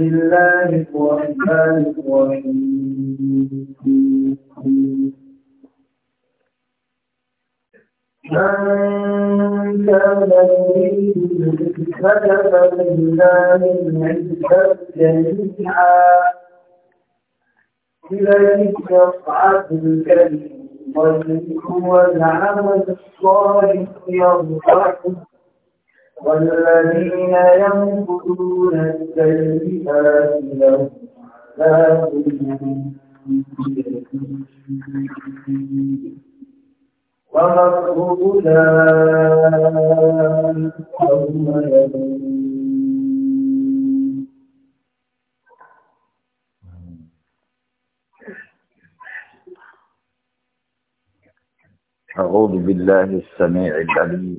بسم الله الرحمن الرحيم من كان يريد كتب لله العزة جميعا اليك يصعد الكريم والذي هو الصالح يرفعه والذين ينفقون السيئات لهم عذاب ومكر أولئك يوم يدوم أعوذ بالله السميع العليم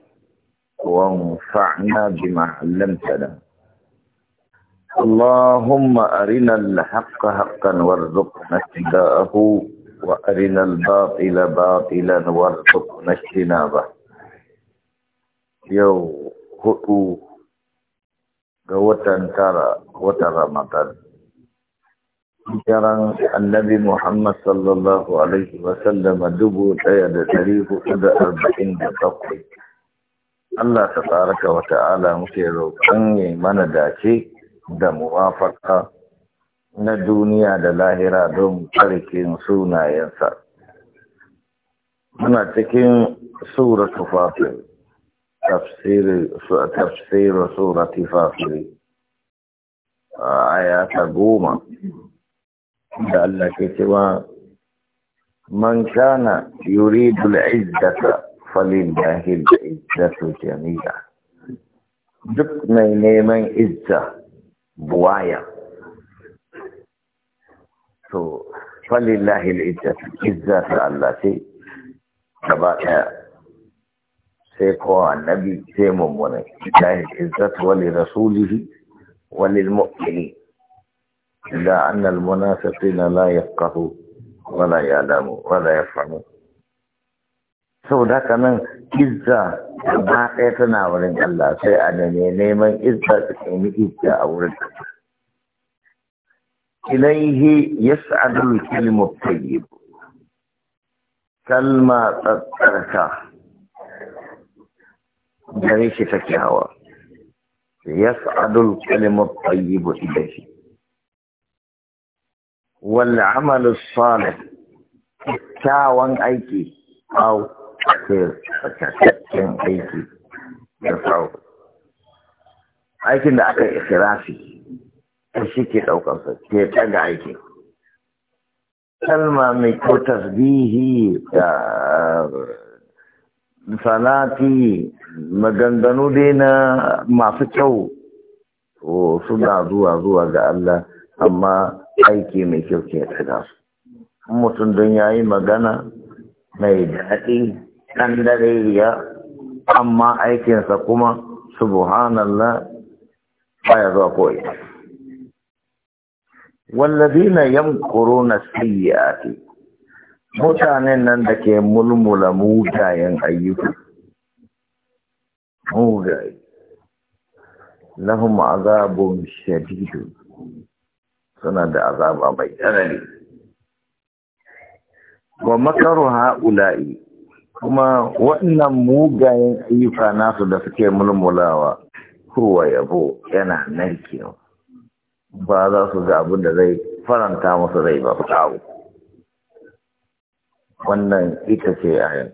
وانفعنا بما علمتنا اللهم أرنا الحق حقا وارزقنا اتباعه وأرنا الباطل باطلا وارزقنا اجتنابه يو هدو غوتن ترى وتر رمضان Sekarang Nabi Muhammad sallallahu alaihi wasallam dubu saya dari hukum arba'in dan Allah ta tsaraka wata ala muke roƙon ya mana dace da muwafaka na duniya da lahira don tsarkin sunayensa. Muna cikin Sura Tufafir, tafsirin Sura Tufafir, a ta goma, da Allah ke cewa, Man kana yuridul izzata فلله العزة جميعا دك مي نيمن عزة بوايا تو فلله العزة عزة الله سي كبا سي كو النبي سي مومن لله العزة ولرسوله وللمؤمنين إلا أن المنافقين لا يفقهوا ولا يعلموا ولا يفهمون saboda haka nan izza ba ɗaya tana wurin Allah sai a neme neman izza su nemi izza a wurin ilaihi yas'adul kalimu tayyib kalma tsarka gare shi take hawa yas'adul kalimu tayyib ilaihi wal amalu salih kyawan aiki au ake tsakakken aiki da aikin da aka ikirafi ta shi ke ɗaukansa ke ɗaga aiki kalma mai ko tasbihi da salati maganganu dai na masu kyau suna zuwa zuwa ga Allah amma aiki mai kyau ke ɗaga su mutum don ya yi magana mai daɗi ɗan dare ya amma aikinsa kuma subhanallah ya zuwa koyi wallazina yamkuruna siyati, mutanen nan da ke mulmula mugayen ayyuka mugaye lahum azabun shadidu suna da azaba mai tsanani wa makaru ha'ula'i kuma waɗannan mugayen ayyuka nasu da suke mulmulawa kowa yabo yana narkewa ba za su ga abin da zai faranta musu zai ba fitawo wannan ita ce ayan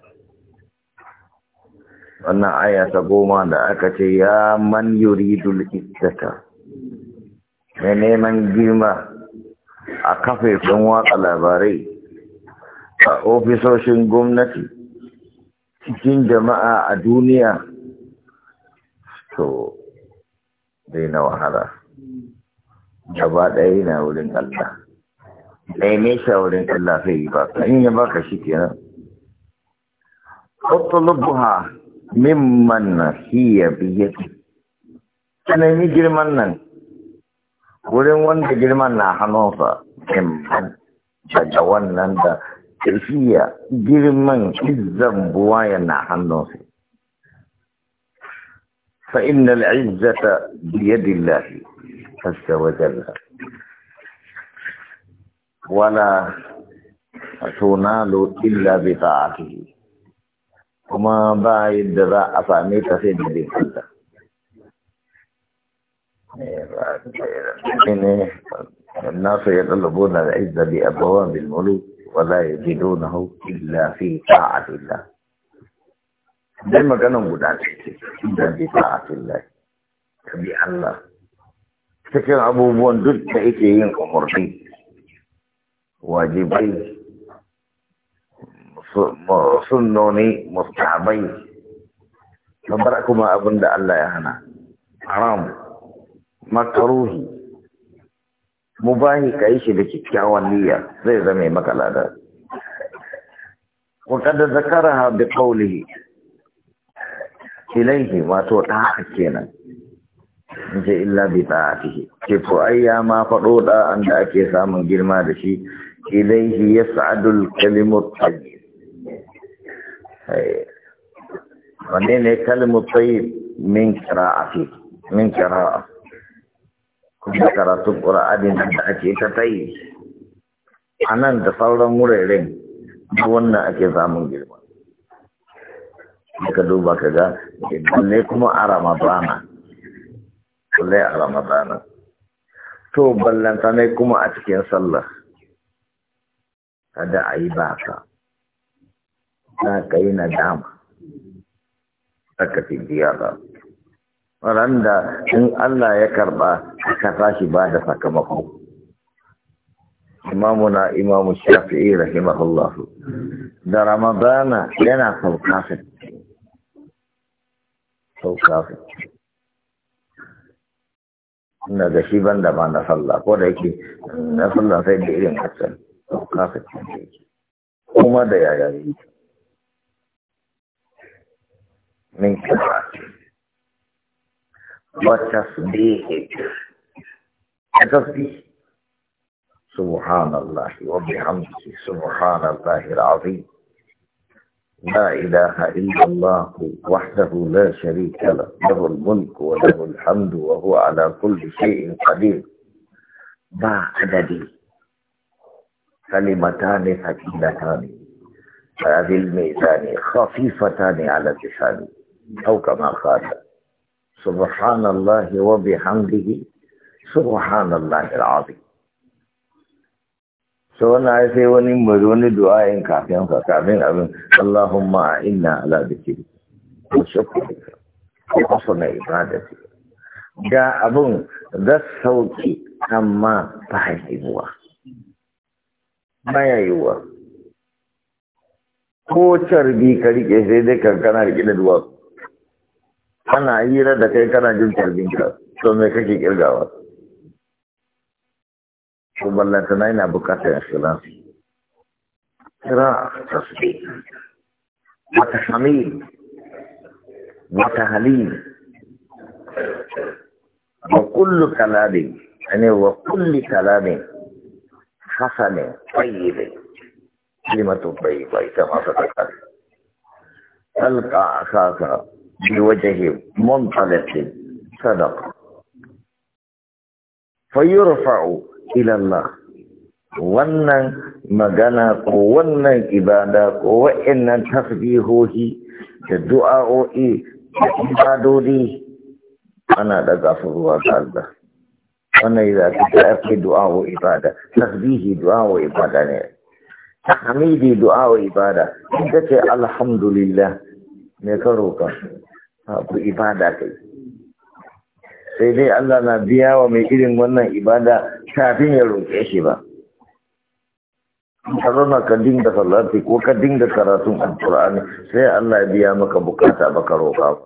wannan aya ta goma da aka ce ya man yuridul izzata mai neman girma a kafafen watsa labarai a ofisoshin gwamnati cikin jama'a a duniya to zai na wahala gaba ɗaya na wurin Allah ɗaya ne sha wurin Allah sai yi ka in ya baka shi kenan Kwatsulubuha mimman na biye biyati ni girman nan wurin wanda girman na hannunsa mimman daga wannan da tafiya girman izzan buwa yana hannunsa fa inna al'izzata biyadillahi azza wa jalla wala lo illa bi ta'atihi kuma ba yadda za a same ta sai da bin Allah ne ba nasu ya ɗalabo na da izza bi abawa bil muluk ولا يجدونه الا في طاعه الله دائما كانوا مدعين في طاعه الله تبي الله تكن ابو بون دل تايتين امور دي واجبي سنوني مستحبي نبرأكما أبن الله يا هنا حرام مكروهي mubahi ka yi shi da kyakkyawan niyya zai zame maka lada وقد ذكرها بقوله ilaihi wato ɗa'a kenan je illa bi ta'atihi ke ko ayya ma faɗo ɗa'an da ake samun girma da shi ilaihi ya sa'adul kalimut tayyib wanne ne kalimut tayyib min qira'ati min qira'a da karatun ƙura'adin da ake ta ta yi a nan da sauran wuraren da wannan ake samun girma ka duba ka ga ne kuma a ramadana kullai a ramadana to ballanta ne kuma a cikin sallah kada a yi baka za ka yi nadama aka fi biya ba randa in Allah ya karba ka tashi ba da sakamako imamuna imamu shafi'i rahimahullah da ramadana yana sauka sauka ina da shi ban da ba na sallah ko da yake na sallah sai da irin hakan sauka yake. kuma da yaya yi min kira ce وتسبيحك تسبيح سبحان الله وبحمده سبحان الله العظيم لا إله إلا الله وحده لا شريك له له الملك وله الحمد وهو على كل شيء قدير ما عددي كلمتان ثقيلتان هذه الميزان خفيفتان على اللسان أو كما قال سبحان الله وبحمده سبحان الله العظيم سوانا ايسي وني مروني دعاء كافين كافين أبن اللهم إنا على ذكرك وشكرك وحسن عبادتك ga abun da sauki amma ta haihuwa baya yiwuwa ko carbi ka rike sai dai kankana rike da duwatsu ana hira da kai kana jin tarbinka to me kake kirgawa ko ballanta na yana bukatar ikhlas kira tasbih wata hamid wata halil wa kullu kalamin yani wa kulli kalamin hasanin tayyibin kalimatu tayyiba ita ma ta tsakar talqa asasa بوجه منطلق صدق فيرفع إلى الله wannan magana ko wannan ibada ko wa'annan tasbihohi da du'a'o'i da ibadodi ana da su zuwa ga Allah wannan ya ta tafi du'a'o ibada tasbihi du'a'o ibada ne tahmidi du'a'o ibada inda ce alhamdulillah me ka roka abu ibada kai sai dai Allah na biya wa mai irin wannan ibada kafin ya roƙe shi ba har na ka dinga salati ko ka dinga karatun alƙur'ani sai Allah ya biya maka bukata baka roƙa ba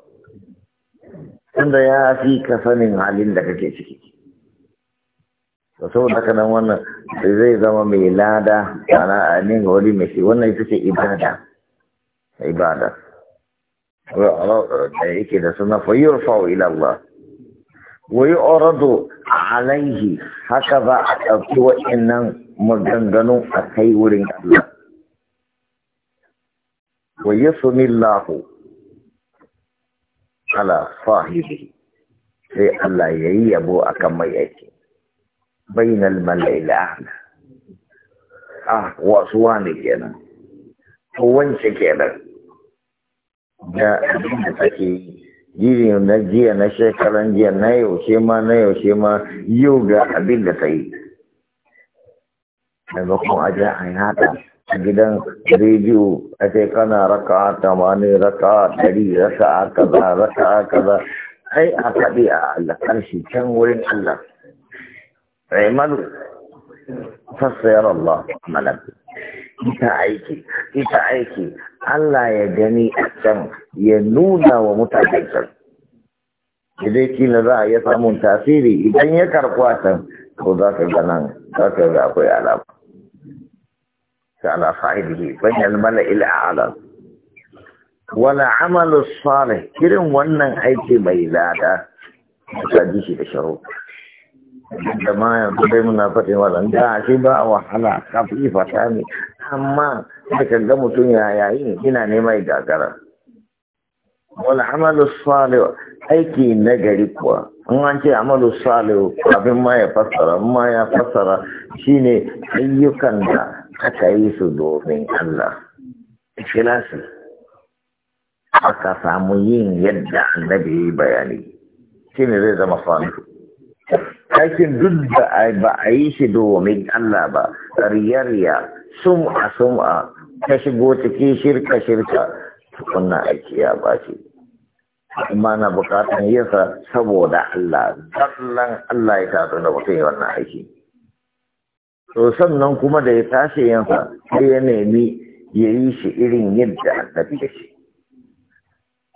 tunda ya fi ka sanin halin da kake ciki da saboda haka nan wannan zai zama mai lada ana anin wani mai shi wannan ita ce ibada ibada da yake da suna fayyar fawo ilallah wai orado alaihi haka ba a ɗauki waɗannan maganganu a kai wurin Allah wa yasmillahu ala sahibi sai Allah ya yi yabo akan mai yake bainal mala'il ahla ah wasu wani kenan to wance kenan da abin da take yi na jiya na shekaran jiya na yaushe ma na yaushe ma yau ga abin da ta yi daga kuma aje a yada a gidan rediyo a ce kana raka tamani raka dari raka kaza raka kaza Kai a kaɗe a Allah ƙarshe can wurin Allah Raimanu fassayar Allah malaka ita aiki ita aiki Allah ya gani a can ya nuna wa mutanen can idan kila za a iya samun tasiri idan ya karɓi a can ko za ka ganin, za ka yi akwai alama ta ala sahibihi bayan mala ila alam. wala amalu salih irin wannan aiki mai lada ta ji shi da sharo. da ma yanzu dai muna fatin waɗanda a shi ba a wahala kafi fata ne amma sai ka mutum ya yayi ina ya gagara wal amalu salih aiki nagari kuwa in an ce amalu salih abin ma ya fassara ma ya fassara shine ayyukan da aka yi su domin Allah ikhlasi aka samu yin yadda annabi bayani shine zai zama salihu aikin duk da ba a yi shi domin Allah ba riya sum'a sum'a Kashi shigo ciki shirka shirka tukunna aiki ya bashi amma na bukatan yasa saboda Allah sallan Allah ya tafi da mutum wannan aiki to sannan kuma da ya tashi yansa sai ya nemi ya yi shi irin yadda annabi ya shi.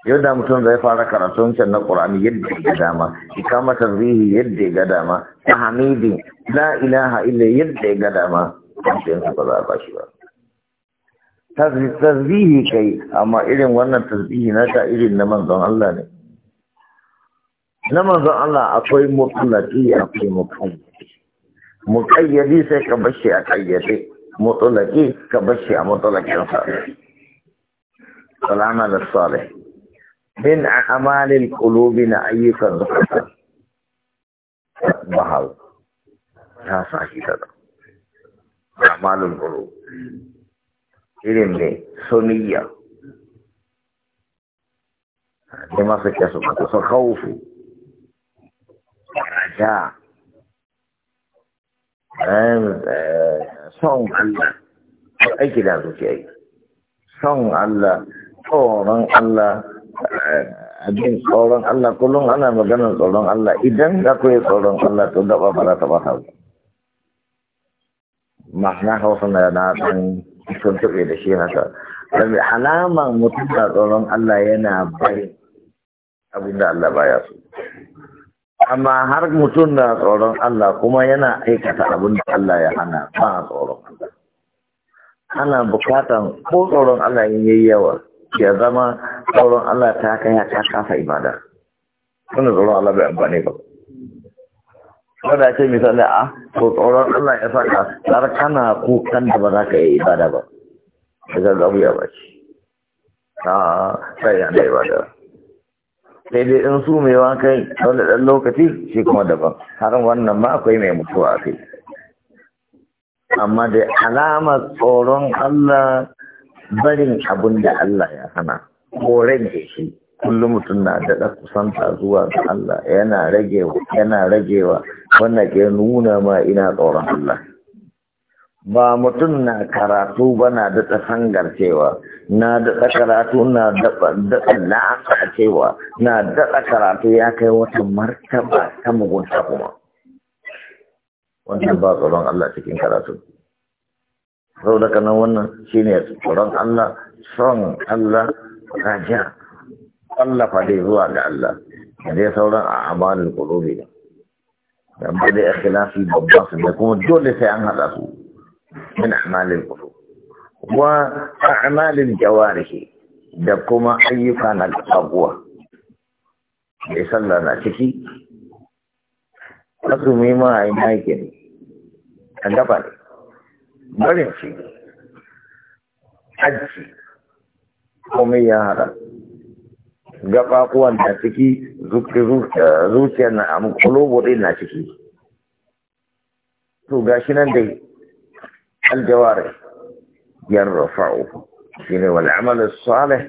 yau da mutum zai fara karatun can na ƙur'ani yadda ya dama ikama tarbihi yadda ya ga dama ta hamidin la ilaha illa yadda ya ga dama ba za a bashi ba tasbihi kai amma irin wannan tasbihi na ta irin na manzon Allah ne na manzon Allah akwai mutlaki akwai mukayyadi mukayyadi sai ka bashi a kayyade mutlaki ka bashi a mutlakin sa salama da salih min a'malil qulubi na ayyukan zakata bahal ta sahi da a'malul qulub irin da suniya da masu a su haufu raja eh, son Allah aiki da zuciya yi son Allah tsoron Allah eh, abin tsoron Allah kullum ana maganar tsoron Allah idan akwai tsoron Allah to daba ba za ta ba hausa ma'ana hausa na ɗan tuntuɓe da shi haka sabi alama mutum da tsoron Allah yana bai abin da Allah baya su, amma har mutum na tsoron Allah kuma yana aikata abin da Allah ya hana ba tsoron Allah ana bukatan ko tsoron Allah yin yayi yawa ya zama tsoron Allah ta kai ta kafa ibada wannan tsoron Allah bai amfani ba wanda ce misali a ah, ko tsoron Allah ya saka har kana kukan da ba za ka yi ibada ba daga gabu ya bace a ah, sai yana ibada sai dai in su mai wa wanda ɗan lokaci shi kuma daban har wannan ma akwai mai mutuwa a kai amma da alamar tsoron Allah barin abin da Allah ya hana ko rage shi kullum mutum na daɗa kusanta zuwa ga Allah yana ragewa yana ragewa wannan ke nuna ma ina tsoron Allah ba mutum na karatu ba na daɗa sangarcewa na daɗa karatu na daɗa cewa, na daɗa karatu ya kai wata martaba ta mugunta kuma wannan ba tsoron Allah cikin karatu sau da kanan wannan shine tsoron Allah son Allah raja tsallafa dai zuwa ga Allah da sauran a amalin kurobi ne amma dai ikhlasi babba su ne kuma dole sai an hada su min amalin kurobi wa a'malin jawarihi da kuma ayyuka na aguwa mai sallah na ciki azumi ma a yi ne a gaba ne barin shi hajji komai ya haɗa Gafakuwan na ciki eh, zuciyar na amu ɗin na ciki to gashi nan dai aljawari yan rafa'u shi ne wani amalin salih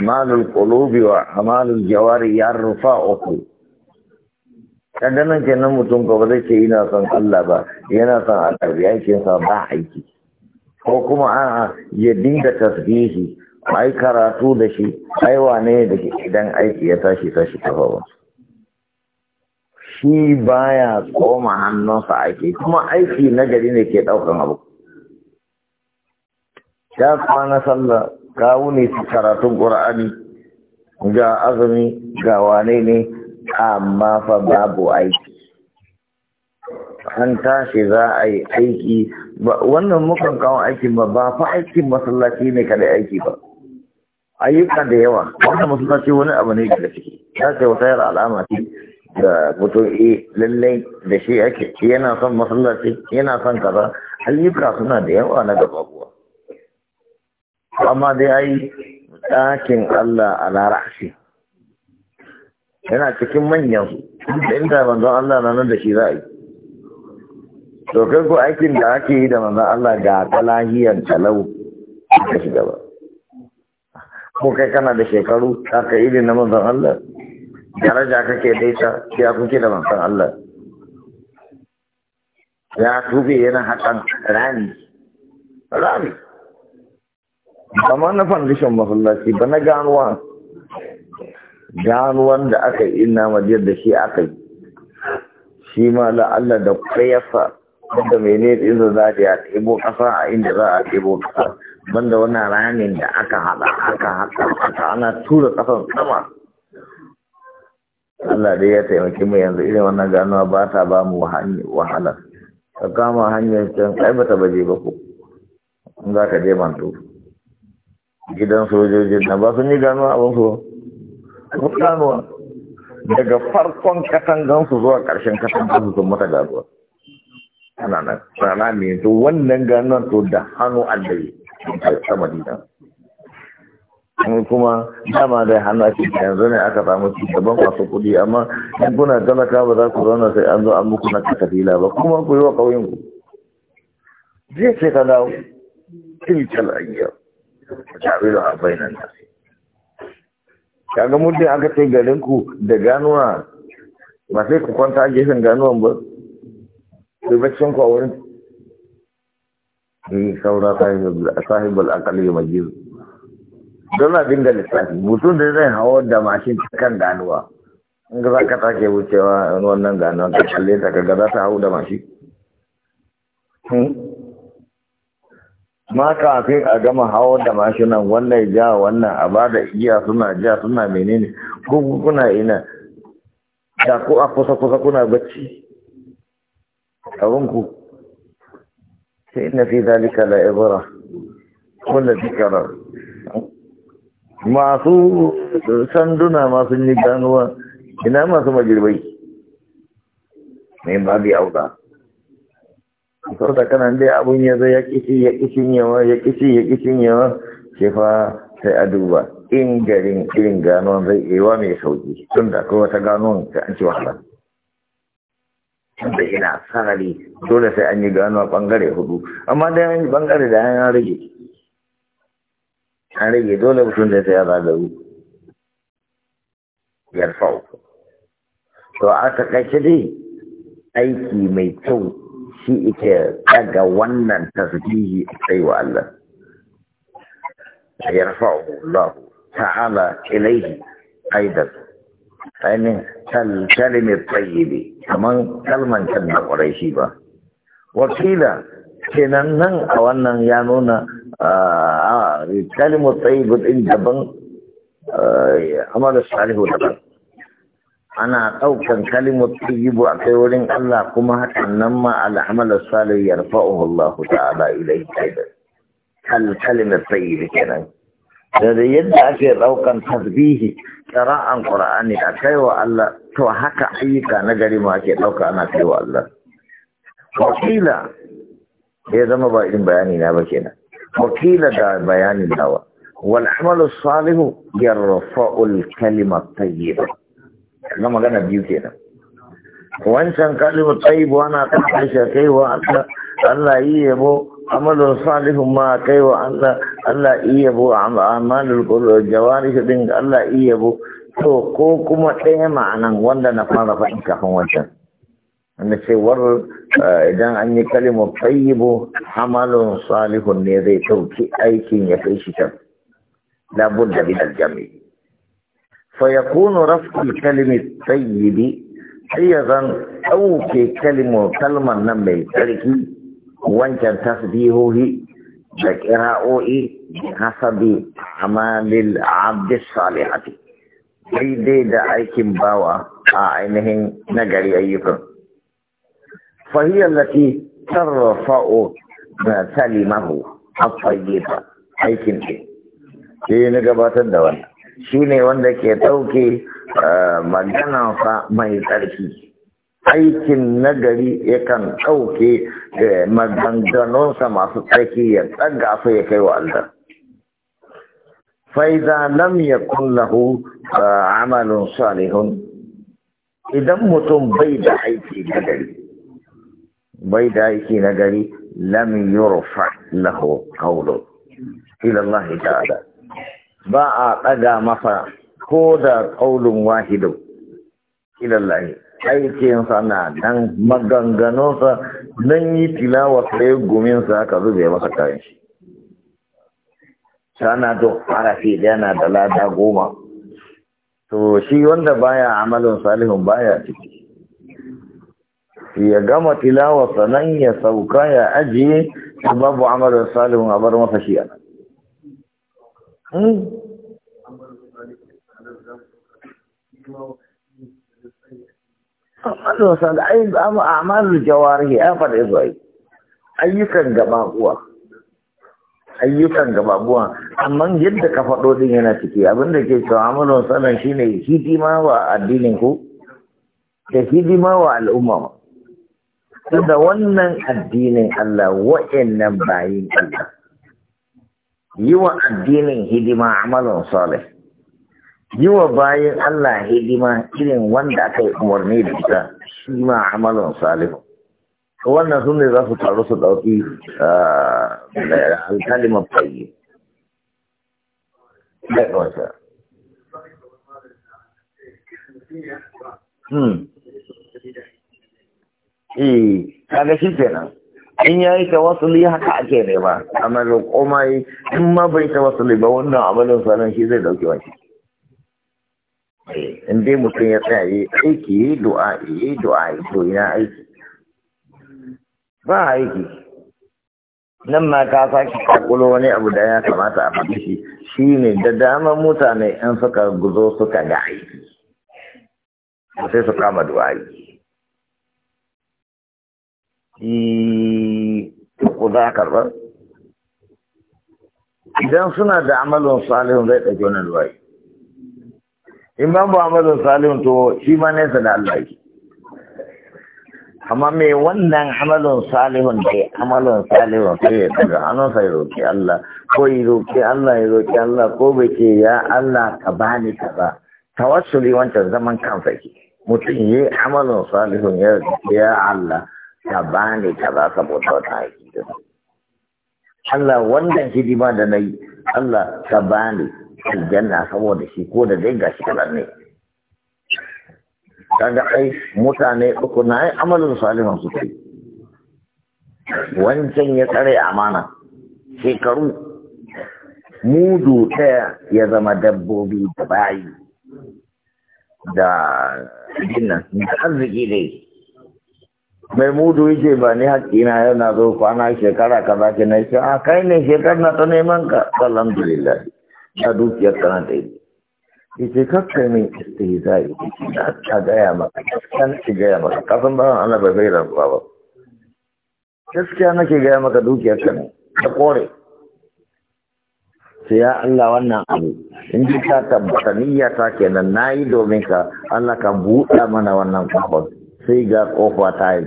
amalin kolobi wa amalin jawari yan rafa'u kaga nan kenan mutum ba ba zai ce yana son Allah ba yana son a karbi aikinsa ba aiki ko kuma a yadda dinga tasbihi ai karatu da shi ai wane da ke idan aiki ya tashi tashi kafa ba shi baya koma hannunsa aiki kuma aiki na gari ne ke daukan abu kuma kwana sallah kawo ne su karatun ƙura'ani ga azumi ga wane ne amma fa babu aiki an tashi za a yi aiki wannan mukan kawo aikin ba ba fa aikin masallaci ne kada aiki ba ayyuka da yawa wannan ce wani abu ne daga ciki ya ce wata yar alama ce da mutum e lallai da shi ake yana son masallaci yana son kaza ayyuka suna da yawa na gaba kuwa amma dai ai ɗakin Allah a larashi yana cikin manyan da inda manzon Allah na nan da shi za a yi to kai ko aikin da ake yi da manzon Allah ga ta talau ta shiga ba ko kai kana da shekaru ka kai na manzan Allah daraja kake dai ta ya kuke da manzan Allah ya tube yana hakan rani rani amma na foundation masallaci ba na ganuwa ganuwan da aka yi ina madiyar da shi aka yi shi ma la'alla da kwayasa da mene ɗin za a ɗebo ƙasa a inda za a ɗebo ƙasa banda wannan ramin da aka haɗa aka haka aka ana tura ƙasan sama Allah dai ya taimaki mu yanzu irin wannan ganuwa ba ta ba mu wahala ka kama hanyar can ai ba ta baje ba ko in za ka je manto gidan sojojin na ba sun yi ganuwa abin su ba ganuwa daga farkon katangansu zuwa ƙarshen katangansu sun mata ganuwa ana nan rana mai to wannan ganuwa to da hannu allahi ta madina kuma dama da hana shi yanzu ne aka samu shugaban masu kuɗi amma in kuna talaka ba za ku zauna sai an zo an muku na katafila ba kuma ku yi wa ƙauyen ku zai ce ka dawo tilcal ayyau ta tabi da abai nan da ga muddin aka ce garin ku da ganuwa ba sai ku kwanta a gefen ganuwan ba ku yi baccin ku a wurin ni saura sahibul aqli majid don na dinga lissafi mutum da zai hawa da mashin kan ganuwa in ga za ke take wucewa wannan ganuwa ka kalle ta kaga za ta hau da mashin hmm? ma kafin a gama hawa da mashinan wannan ja wannan a ba da iya suna ja suna menene ko kuna ina da ko a kusa kusa kuna bacci ku. فإن في ذلك لعبرة كل ذكر masu sanduna ماسو yi ganuwa ina masu majirbai mai babi auka sau da kanan dai abun ya zai ya kishi ya kishi yawa ya kishi ya kishi yawa ce fa sai a duba in garin irin ganuwan zai wa mai sauki tun da kowa ta ganuwan ta an ci wahala tunda ina sarari dole sai an yi gano bangare hudu amma da yan bangare da yan rage an rage dole mutum da sai ya zagaru yarfau to a takaice dai aiki mai kyau shi ike daga wannan tasbihi a tsaiwa Allah yarfau Allah ta'ala ilaihi aidan ainihin kalkalmi tsayibi kamar kalman can da shi ba wakila kenan nan a wannan ya nuna kalmu tsayibi ɗin daban amara salihu daban ana ɗaukan kalimar tsayibu a kai wurin Allah kuma hakan nan ma al'amalar salihu ya rafa'uhu Allah ta'ala ilai kal kalimar tsayibi kenan da yadda ake ɗaukan tasbihi ƙara'an ƙura'ani a kai wa Allah to haka ayyuka na gari ma ake ɗauka ana kai wa Allah wakila ya zama ba irin bayani na ba kenan wakila da bayani nawa wal amalu salihu yarfa'ul kalimat tayyiba Na magana biyu kenan wancan kalimu tsayibu ana ta shi kai wa Allah Allah yi yabo amalin salihun ma kai wa Allah Allah yi yabo amalin jawari shi din Allah yi yabo to ko kuma ɗaya ma'anan wanda na fara faɗi kafin wancan wanda cewar eh, idan an yi kalimar tsayibu amalin salihun ne zai ɗauki aikin ya kai shi can da bidal aljami fa yakunu raf'ul kalimi tsayibi har ya zan ɗauke kalmar nan mai tsarki wancan tasbihohi da ƙira'o'i hasabi amalil abdis salihati daidai da aikin bawa a ainihin nagari ayyukan fahiyar lati sarrafa'o na Salimahu a aikin ɗin sai na gabatar da wannan shi ne wanda ke ɗauke Eh, fa mai tsarki aikin nagari yakan ɗauke eh, maganganunsa masu tsarki ya tsaga su ya kai wa Allah faiza lam yakun lahu eh, amalin salihun idan mutum bai da aiki nagari bai da aiki nagari lam yurfa lahu Ilallah ba a ɗaga masa ko da ƙaunin wahidu ilallahi aikinsa na dan maganganunsa nan yi tilawa sai guminsa aka zube masa kayan shi sana to harafi yana da lada goma to shi wanda baya amalin salihun baya ciki ya gama tilawa sanan ya sauka ya ajiye babu amalin salihun a bar masa shi a hmm? Sallu sallu ai amu amalu ya faɗi zuwa ayyukan gaba uwa ayyukan gaba uwa amma yadda ka faɗo din yana ciki abinda ke cewa amalon shi shine hidima wa addinin ku da hidima wa al'umma ma tunda wannan addinin Allah wa'annan bayin Allah yi wa addinin hidima amalon salih yi wa bayan Allah hidima irin wanda aka yi umarni da ita shi ma amalin salihu wannan sun ne za su taru su ɗauki ah, alkalimar fayi hmm. Eh, kaga shi kenan. in haka ake nema amalin komai in ma bai ba wannan amalin shi zai dauke wani Eh, in dai mutum ya tsaya yi aiki yi du'a eh, yi du'a to ina aiki ba aiki nan ma ka sake kakulo wani abu da ya kamata a faɗi shi shi ne da dama mutane in suka guzo suka ga aiki sai su kama du'a yi ku za karɓar idan suna da amalin salihun zai ɗauki wani du'a in ban Muhammadu Salihu to shi ma nesa da Allah yake amma me wannan amalin salihun dai amalin salihun sai ya daga hannunsa ya roƙi Allah ko ya roƙi Allah ya roƙi Allah ko bai ce ya Allah ka bani ka ba tawassuli wancan zaman kansa ke mutum yi amalin salihun ya ya Allah ka bani ka ba saboda wata haƙiƙa Allah wannan hidima da na yi Allah ka bani aljanna saboda shi ko da dai gashi kaɗan ne kaga ai mutane uku na ai amalin salihan su wancan ya tsare amana shekaru mudu ɗaya ya zama dabbobi da bayi da jinnan da arziki dai mai mudu yake ba ni haƙƙina yau na zo kwana shekara za ki na shi? a ah, kai ne shekar na ta neman ka alhamdulillah ya dukiyar kanan da yi yace kakka min istihza'i na ta gaya maka gaskiya ke gaya maka kafin ba an bai bai rantsuwa ba gaskiya nake gaya maka dukiyar ka ne ta kore sai ya Allah wannan abu in ji ta tabbata niyya ta kenan nayi domin ka Allah ka buɗa mana wannan kofar sai ga kofa ta yi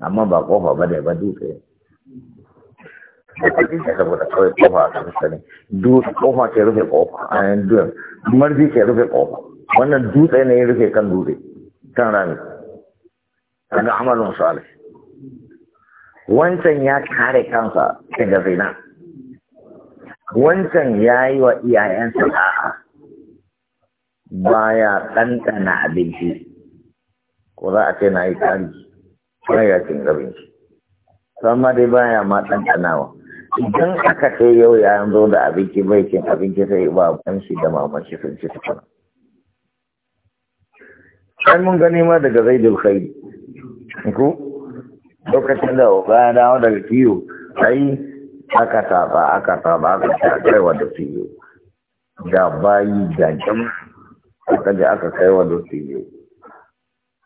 amma ba kofa ba da ba dutse da kakin saboda kawai kofa a kan sani kofa ke rufe kofa a yan duyan marji ke rufe kofa wannan dutse ne ya rufe kan dutse kan rami daga amalin salih wancan ya kare kansa daga zina wancan ya yi wa iyayensa a'a baya ɗanɗana abinci ko za a ce na yi Kuma baya cin abinci sama dai baya ma ɗanɗanawa idan aka sai yau ya zo da abinci mai cin abinci sai ba ban shi da maman shi sun ci tukuna kan mun gani ma daga zaidul khairi ko lokacin da ba ya dawo daga kiyo ai aka taba aka taba aka kaiwa da kiyo da bayi da jam aka ji aka kaiwa da kiyo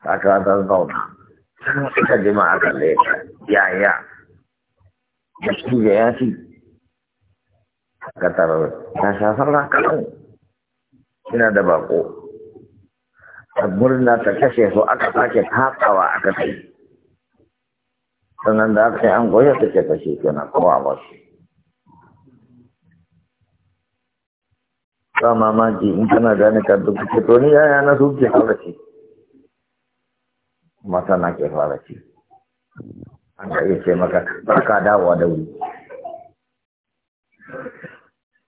aka ta zauna aka ma aka leka ya ya gaskiya ya fi katar ta shafar na ina da bako a murna ta kashe su aka sake katsawa aka kai sannan da aka yi an goya ta ke kashe kenan kowa ba su ba mamaki in kana gane ka duk ce to ni yaya na su ke fara an da iya maka ba ka dawowa da wuri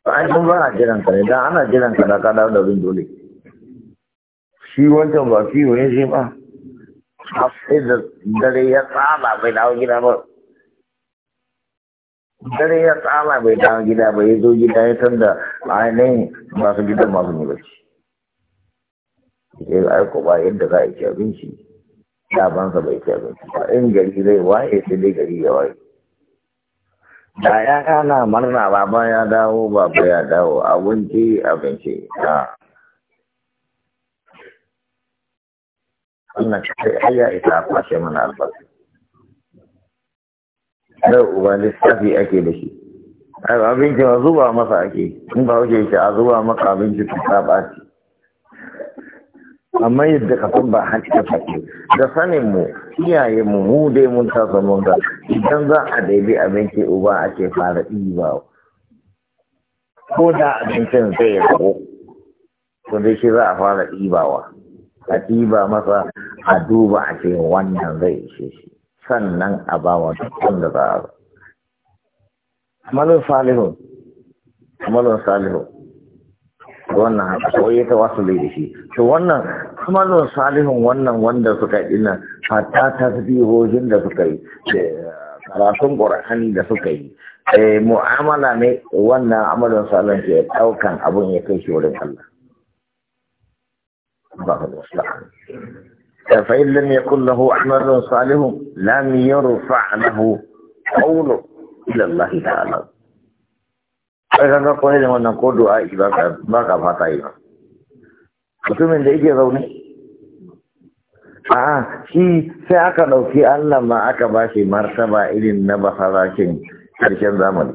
an sun ba a jiran ka ne dan ana jiran ka da ka dawo da wurin dole shi wancan ba fi wani shi ba sai da dare ya tsala bai dawo gida ba dare ya tsala bai dawo gida ba ya zo gida ya san da ainihin masu gidan masu ne ba ce. Ai ko ba yadda za a yi abinci. shabansa bai ci abinci ba in gari zai waye sai dai gari ya waye da ya na murna baba ya dawo baba ya dawo abinci abinci a wannan kai ai ya isa kwashe mana albarka da uba lissafi ake da shi abinci ma zuba masa ake in ba wuce shi a zuba maka abinci ta ɓaci amma yadda ka san ba hakika fake da sanin mu iyaye mu mu dai mun taso mun ga idan za a daidai abinci uba ake fara ɗiba ko da abincin zai ya rago to dai shi za a fara ɗibawa a ɗiba masa a duba a ce wannan zai ishe shi sannan a ba wa dukkan da za a ba. malon Salihu, malon Salihu, wannan haka ko ya tawassuli da shi to wannan amalun salihun wannan wanda suka yi na hatta tasbihojin da suka yi karatun qur'ani da suka yi eh, mu'amala ne wannan amalin salihun ke ɗaukan abun ya kai shi wurin Allah Allahu musta'an فإن لم يكن له عمل صالح لم يرفع له قوله إلى الله تعالى sai kaga ko irin wannan ko ba ka ba ka fata yi mutumin da yake zaune Aa, shi sai aka ɗauki Allah ma aka ba shi martaba irin na basarakin karshen zamani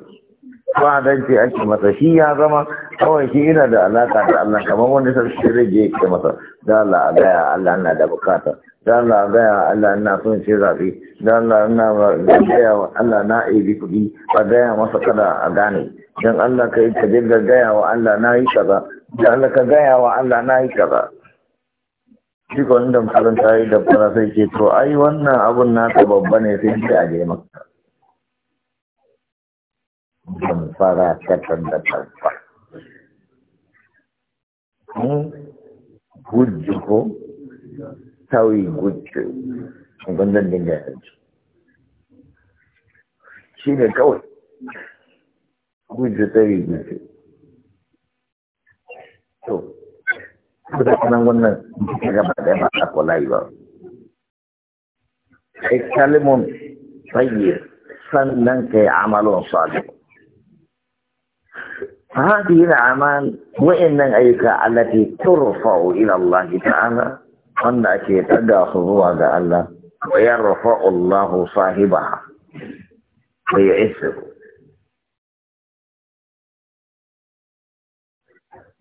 ba dan ce ake masa shi ya zama kawai shi ina da alaka da Allah kamar wani sarki rage yake masa da Allah a gaya Allah na da bukata da Allah gaya Allah na son shi zaɓe da Allah na gaya Allah na ibi kuɗi a gaya masa kada a gane dan Allah ka yi ka dinga gaya wa Allah na yi kaza dan Allah ka gaya wa Allah na yi kaza shi ko inda mutum ta yi fara sai ke to ai wannan abun ta babba ne sai ki a je maka dan fara ta tanda tarfa hmm? gujju ko tawi gudu gundan dinga yanzu shi ne kawai કોઈ જતા જ નથી તો هذه الأعمال وإن أيك التي ترفع إلى الله تعالى أن أكي تداخذها ذا الله ويرفع الله صاحبها ويعسره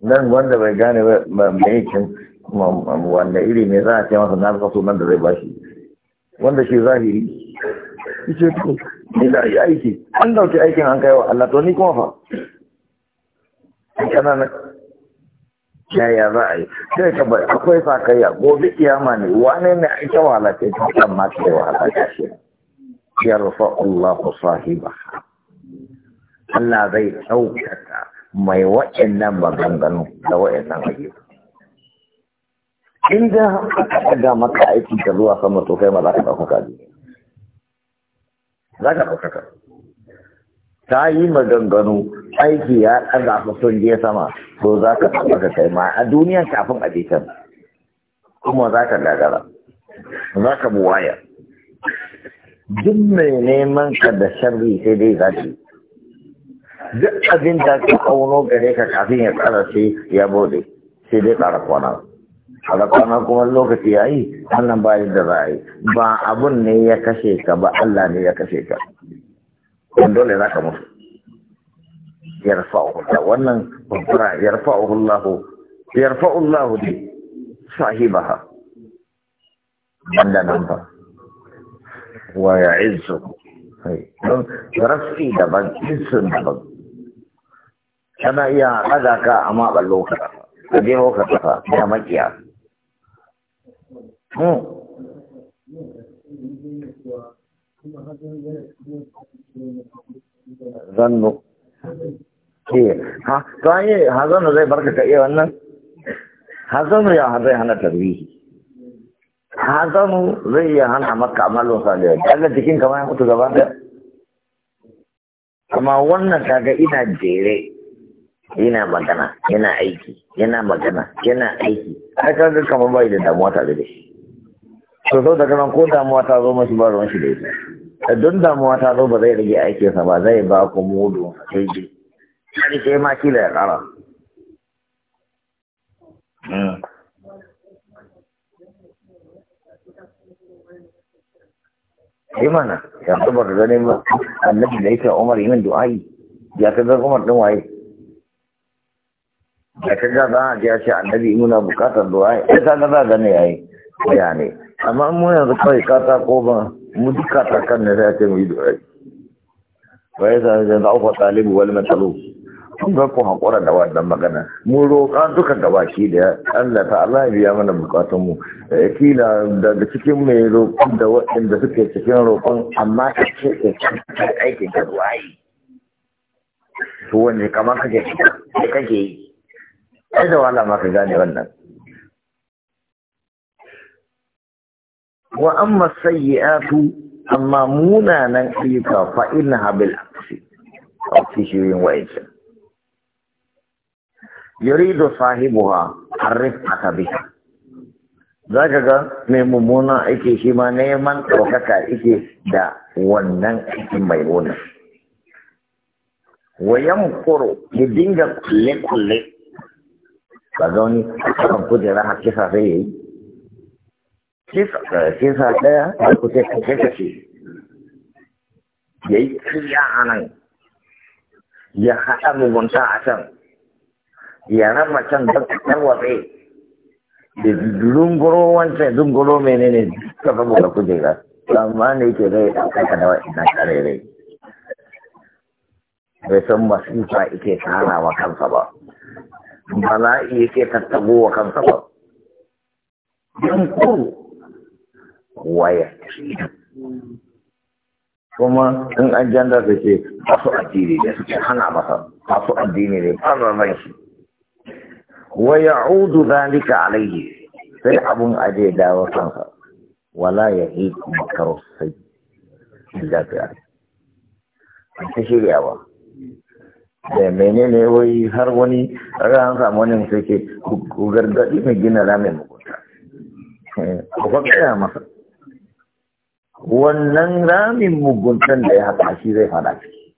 nan wanda bai gane mai cin um, wanda iri ne za a ce masa na kaso nan da zai bashi wanda ke zahiri ce to ni da yi aiki an dauke aikin an kai wa Allah to ni kuma fa kana na ya za a yi sai ka bai akwai sakayya gobe kiyama ne wane ne ai ta wahala ce ta kan ma ta yi wahala ta shi yarfa Allah sahiba Allah zai ɗaukaka mai waɗannan maganganu da waɗannan ayyuka in da aka ɗaga maka aiki ka zuwa sama to kai ma za ka ɗaukaka ne za ka ɗaukaka ta yi maganganu aiki ya ɗaga su sun je sama to za ka ɗaukaka kai ma a duniyan kafin a je can kuma za ka gagara za ka buwaya duk mai neman ka da sharri sai dai za ka yi duk abin da ka auno gare ka kafin ya tsara sai ya bude sai dai tsara kwana tsara kwana kuma lokaci ya yi wannan ba da za yi ba abun ne ya kashe ka ba Allah ne ya kashe ka kun dole za ka mutu yarfa'u Allah wannan kuma yarfa'u Allah yarfa'u Allah dai sahibaha Wanda nan ba wa ya'izzu don rafi daban izzu daban kana iya haɗa ka a maɓar ɓallo ka ka je ka tafa da makiya hmm. zannu ke ha to an yi hazanu zai barka ka iya wannan hazanu ya zai hana tarwihi hazanu zai iya hana maka amalin salihu daga jikin kamar ya mutu gaba ɗaya amma wannan kaga ina jere yana magana yana aiki yana magana yana aiki ai ka ga kamar bai da damuwa ta da shi to sau da kanan ko damuwa ta zo mashi ba ruwan shi da ita don damuwa ta zo ba zai rage aikinsa ba zai ba ku mudu sai ji sai sai ma kila ya kara yi hmm. mana yanzu ba ka gani ba annabi da yake umar yi min du'a'i ya ka ga umar ɗin waye da ka ga za a ji ce annabi muna bukatar du'a ya ta ga za ne yayi ya ne amma mu yanzu kawai kata ko ba mu duka ta kan ne zai ce mu yi du'a wa ya za zai za'u fa talibu wal matalu kun ga ku hakura da wannan magana mu roƙa duka gabaki da Allah ta Allah biya mana bukatun mu eh, kila daga cikin mai roƙon da waɗanda suke cikin roƙon amma ta ce ta aikin ka du'a to wanne kamar kake kake yi ai da wala ma ka gane wannan wa amma sayyi'atu amma munanan ayyuka fa innaha bil aksi a kishiyoyin wa'ancan yuridu sahibuha arrifata biha za ka ga mai mummuna ake shi ma neman ɗaukaka ake da wannan aikin mai munin wayan kuro ya dinga kulle-kulle ka ga wani kan kujera har kisa zai yi kisa eh, ɗaya da kuce kashe kashe ya yi kiriya a nan ya haɗa mugunta a can ya rama can don tarwatse da dungoro wancan dunguro menene ka saboda kujera amma ne ke zai ɗaukaka da wa'ina karerai bai san masifa ike tsara wa kansa ba bala'i yake tattabo wa kansa ba kuru wa ya kuma in an janda su ce masu addini ne suke hana masa masu addini ne mai shi wa ya'udu zalika alaihi? sai abun aje dawo kansa wala ya yi kuma karo sai a ta shirya da menene wai har wani ran samu wani sai ke ku gargaɗi mai gina ramin mugunta eh, ku faɗa masa wannan ramin muguntan da ya haka shi zai fada ciki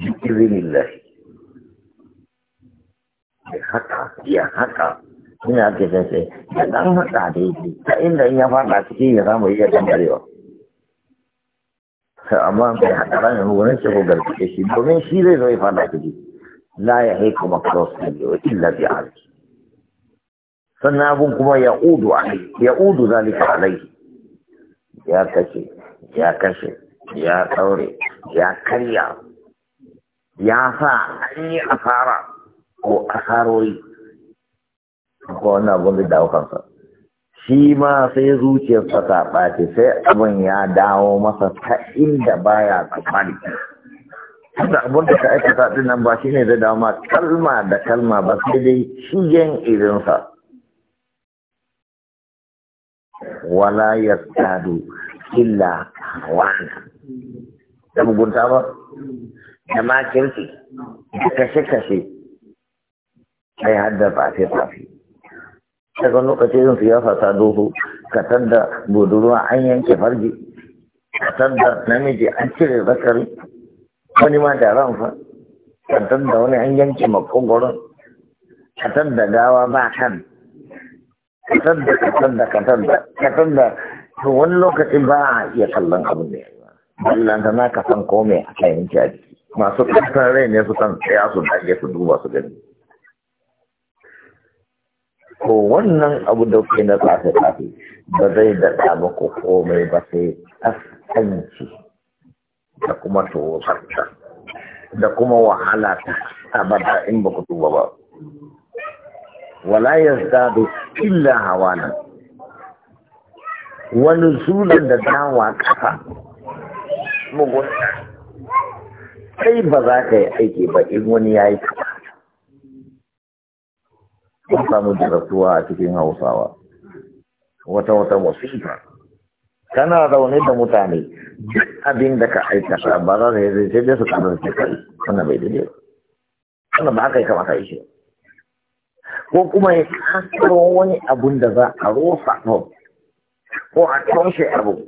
jikirin lafi ya haka ya haka ina ake sai sai ya ɗan haka daidai ta inda in ya fara ciki ya samu iya tambarewa amma bai hada ranar hukunan ce ko gargaɗe shi domin shi zai zai fada ji la ya hai kuma cross ne biyu illa bi alki sannan abun kuma ya udu alai ya udu zalika alai ya kashe ya kashe ya ɗaure ya karya ya sa an yi asara ko asarori ko wani abun da dawo kansa shi ma sai zuciyarsa ta ɓace sai abin ya dawo masa ta inda baya tsammani da abin da ka aikata ɗin nan ba ne zai dawo ma kalma da kalma ba sai dai shigen irinsa wala tsadu illa hawana da mugunta ba da makirci da kashe-kashe sai haddasa sai tafi daga lokacin siyasa ta doho ka tadda budurwa an yanke farji ka tadda namiji an cire zakari wani ma da ranfa ka tadda wani an yanke makogoron ka tadda gawa ba kan ka tadda ka tadda ka tadda ka tadda to wani lokacin ba a iya kallon abu ne ya yi ba na ka san kome a kayan jari masu kasar rai ne su san tsaya su dage su duba su gani ko wannan abu da kai na tsafi tsafi ba zai daɗa muku komai ba sai askanci da kuma tsotsarta da kuma wahala ta abada in ba ku tuba ba wala yazdadu illa hawa nan. wani zulan da dawa ƙasa mugunta kai ba za ka yi aiki ba in wani ya yi kafa an samu jaratuwa a cikin hausawa wata wata wasifa kana zaune da mutane duk abin da ka aikata ba za su yi sai dai su kamar ce kai wannan bai daidai ba wannan ba haka ya kamata yi shi ko kuma ya kasaro wani abun da za a rofa ko a toshe abu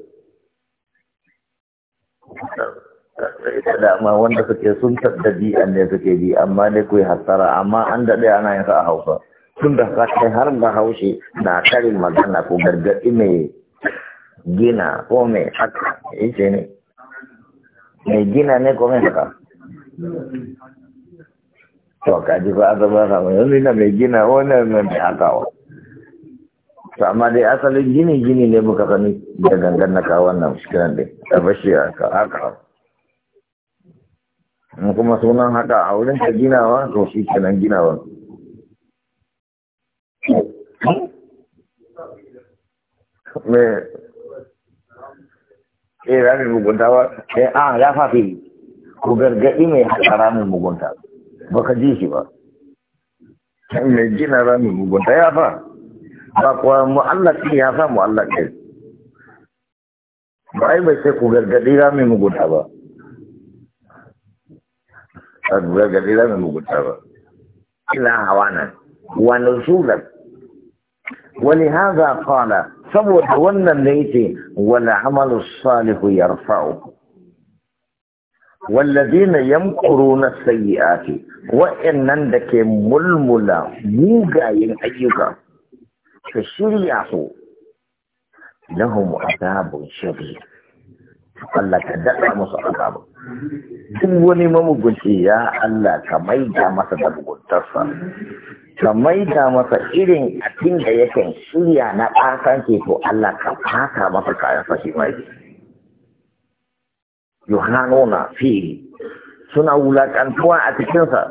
ita dama wanda suke sun tattabi an ne suke bi amma ne kuwa hasara amma an daɗe ana yin sa a hausa tun da kai har ba haushe da karin magana ko gargaɗi mai gina ko mai haka yace ne mai gina ne ko mai haka to kaji ba azaba samu yanzu na mai gina wannan mai hakawa to amma dai asalin gini gini ne muka sani da gangan na kawo wannan kiran dai da bashi haka haka kuma sunan haka a wurin ta ginawa to shi kenan ginawa me eh ramin mugunta ba eh a ya fafi ku gargadi mai haɗa ramin mugunta ba ka ji shi ba mai gina ramin mugunta ya fa ba kuwa mu'allakin ya sa mu'allakin ba ai bai sai ku gargadi ramin mugunta ba ku gargaɗi ramin mugunta ba ina hawa nan wani sulat ولهذا قال saboda wannan da yake wal amalu salihu والذين يمكرون السيئات وإن دك ململا موغاين أيوكا فشريعه لهم عذاب شديد Allah ka daɗa musu azabu duk wani mamugunci ya Allah ka maida masa da muguntarsa ka maida masa irin abin da yakan shirya na ɓasan to Allah ka fata masa kayan fashi mai yohanona fiye suna wulaƙantuwa a cikinsa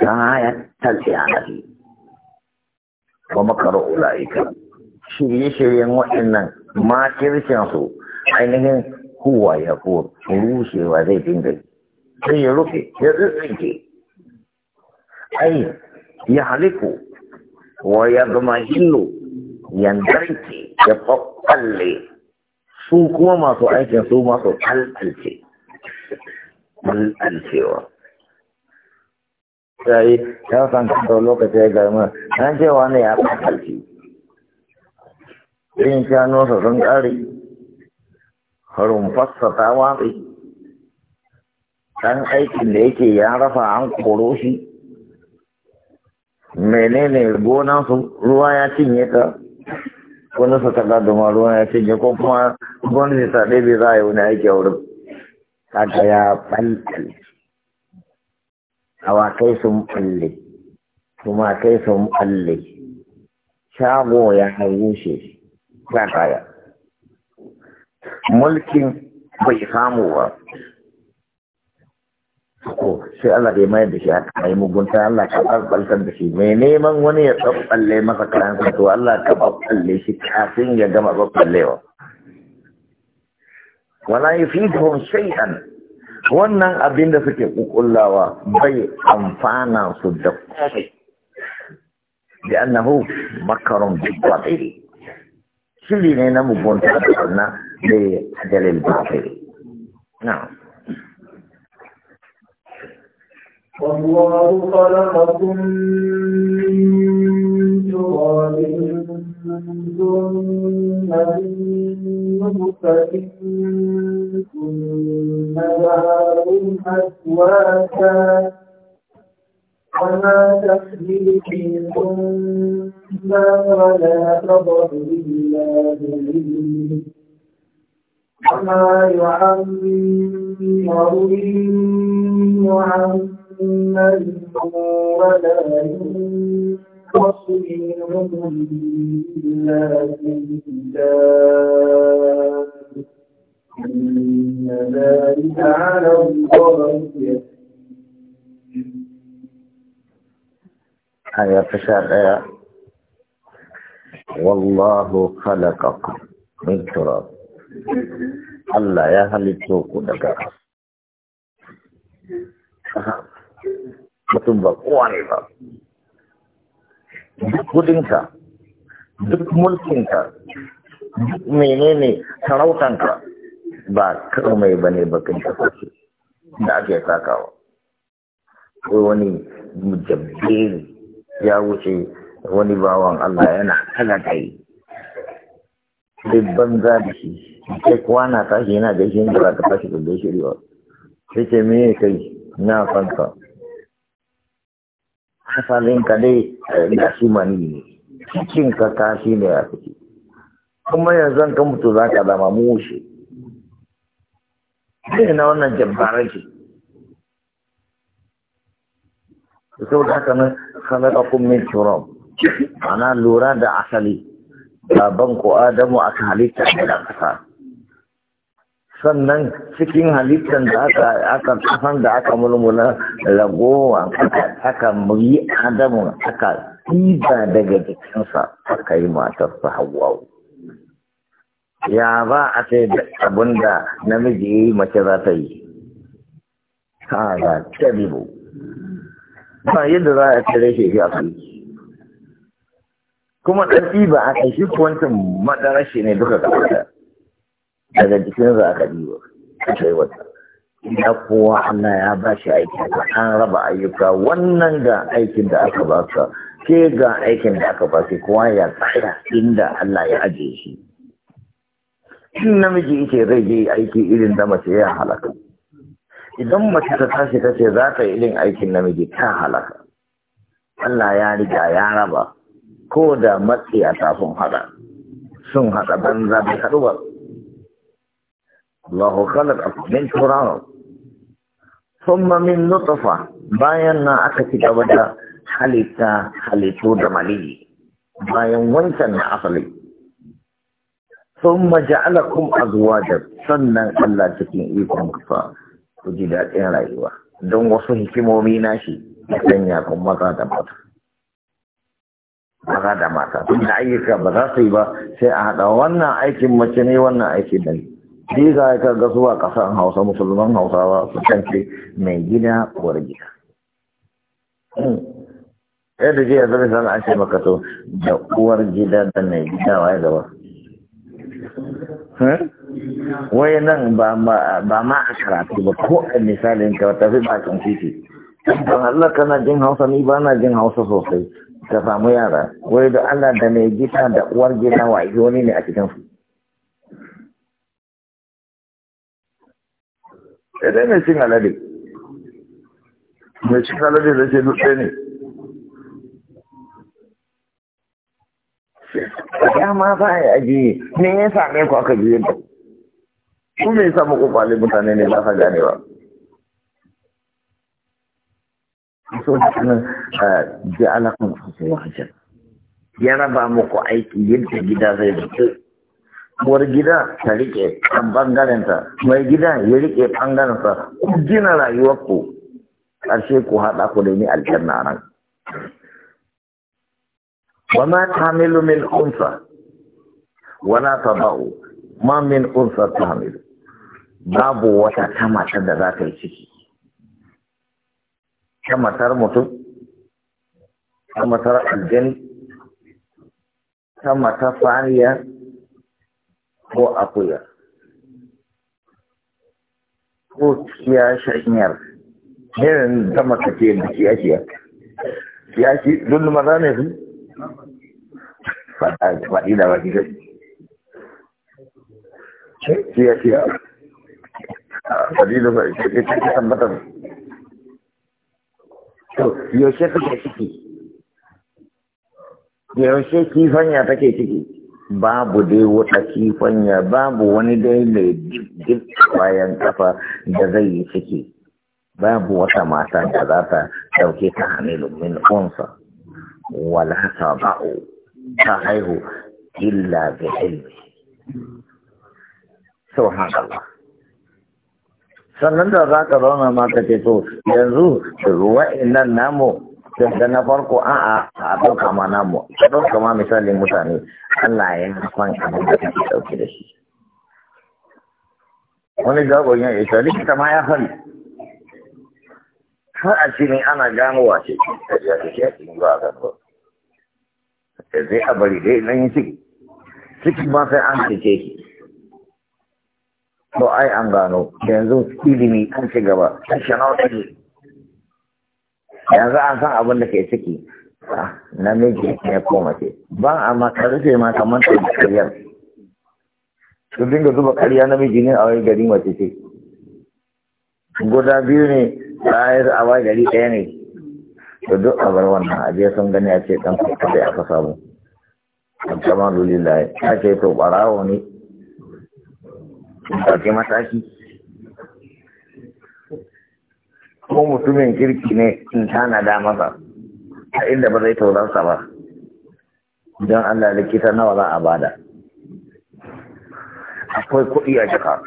gayar talfiyanari ba makarar ula'ika shirye-shiryen waɗannan makircinsu ainihin kowa ya ko rushewa zai dinga yi sai ya rufe ya tsintsinke ai ya haliku wa ya zama hillo ya narke ya kwakwalle su kuma masu aikin su masu kalkalce kalkalcewa sai ta san kanta lokacin ya garma an cewa ne ya kalkalce rin shanu sun kare rumfarsa ta watsi ɗan aikin da yake ya rafa an koro shi menene su ruwa ya cinye ta su ta ma ruwa ya cinye ko kuma su ta ɗebe za a yi wani aiki a wurin kaka ya ɓalɓal kai sun ɓalle kuma kai sun ɓalle shago ya rushe ba kaya mulkin bai samu ba ko sai Allah bai mayar da shi haka mai mugunta Allah ka balbaltar da shi mai neman wani ya tsabballe masa kayansa to Allah ka balballe shi kafin ya gama babballewa wala yufidhum shay'an wannan abin da suke kukullawa bai amfana su da komai da annahu makarun bi shiri ne na mugunta da wannan لأجل الباطل نعم والله خلقكم من تراب ثم من نطفة ثم جعلكم أزواجا وما تحمل في ثم ولا تضر إلا بإذنه وما يعمره من يعمره ولا يحصره إلا في إن ذلك على الله آية فشار آية والله خلقكم من تراب Allah ya halitto ku daga mutum ba kowa ne ba duk kudinka duk mulkinka duk menene sarautanka ba karmai ba ne bakin kasashe da ake sakawa ko wani mujabberi ya wuce wani bawan Allah yana kala kai sai da shi sai kuwa na tashi yana da shi da ka tashi da gaishe riwa sai ce me kai na fanka? asalin ka dai da eh, shi mani ne cikin ka tashi ne ya kuma yanzu ka mutu za ka zama mushe ne na wannan jambarar shi sau da haka nan khalaqakum kummin turon ana lura da asali baban ko adamu aka halitta da kasa sannan cikin halittar da aka kafan da aka mulmula ragowa aka yi adamu aka ɗiba daga jikinsa aka yi su hawawu ya ba a ce abin da namiji ya yi mace za ta yi kaga tabibu ba yadda za a cire shi a kai kuma ɗan ba a kai shi kuwancin madarashi ne duka gaba daga jikin za ka diba kai wata ina kowa Allah ya ba shi aiki an raba ayyuka wannan ga aikin da aka ba ka ke ga aikin da aka ba kowa ya tsaya inda Allah ya ajiye shi in namiji yake zai je aiki irin da mace ya halaka idan mace ta tashi ta ce za ka yi irin aikin namiji ta halaka Allah ya riga ya raba ko da matsiya a tafin hada sun hada banza da haɗuwar. الله خلق من تراب ثم من نطفة بايننا أكتب ودا حليتا حليتو دمالي bayan wancan na asali sun maja'ala a azuwa da sannan Allah cikin ikon kusa ku ji daɗin rayuwa don wasu hikimomi na shi maza da mata maza ayyuka ba za su yi ba sai a haɗa wannan aikin mace ne wannan aikin da shi za a kaga zuwa ƙasan hausa musulman hausawa su kanci mai gina uwar gida yadda jiya zai san an ce maka to da uwar gida da mai gida waye gaba wai nan ba ma a karatu ba ko a misalin ka wata fi bakin titi don Allah kana jin hausa ni ba na jin hausa sosai ka samu yara wai da Allah da mai gida da uwar gida wa wani ne a cikin su sai dai mai cin alade mai cin alade da ce dutse ne ya ma za a yi ajiye ne ya same ku aka biye da ku me yasa muku kwale mutane ne ba sa ganewa so da nan ji alaƙon sosai wajen ya raba muku aiki yadda gida zai da uwar gida ta rike bangarenta mai gida ya rike bangarensa ku gina rayuwarku ƙarshe ku haɗa ku da ni aljanna nan wana ma tamilu min unsa wana ta ba'u ma min unsa tamilu babu wata kamatar da za ta yi ciki kamatar mutum kamatar aljani kamatar fariya ko akuya ko kiyashanyar irin da makace da kiyashiyar don dun maza ne su faɗi da baki gari kiyashiyar faɗi da baki gari ta tabbatar yaushe ke ciki yaushe kifanya take ciki babu dai wata kifanya babu wani dai mai duk bayan kafa da zai yi ciki babu wata mata da za ta dauke ta hamilun min unsa wala ta ba'u ta haihu illa da ilmi subhanallah sannan da za ka zauna ma ka ce so, yanzu ruwa nan namu da na farko a'a a ɗauka ma namu a ɗauka ma misalin mutane Allah ya kwan abin da kake ɗauke da shi wani zagon ya isa likita ma ya fari har a cikin ana gano ce ta a ce ya cikin ba a gano da zai a bari dai nan yi ciki ciki ma sai an cece shi to ai an gano yanzu ilimi an ci gaba sashen wata ne yanzu an san abin da ke ciki ah, namiji ne ko mace ban amma makarfe ma kamar ta karyar su dinga zuba karya namiji ne a wai gari mace ce guda biyu ne tsayar a wai gari ɗaya ne to duk a bar wannan aje sun gani a ce ɗan kuka da aka samu kama lulillahi a ce to ɓarawo ne ɗauke mataki ko mutumin kirki ne in tana da masa a inda ba zai taurarsa ba don Allah likita nawa za a bada akwai kuɗi a jaka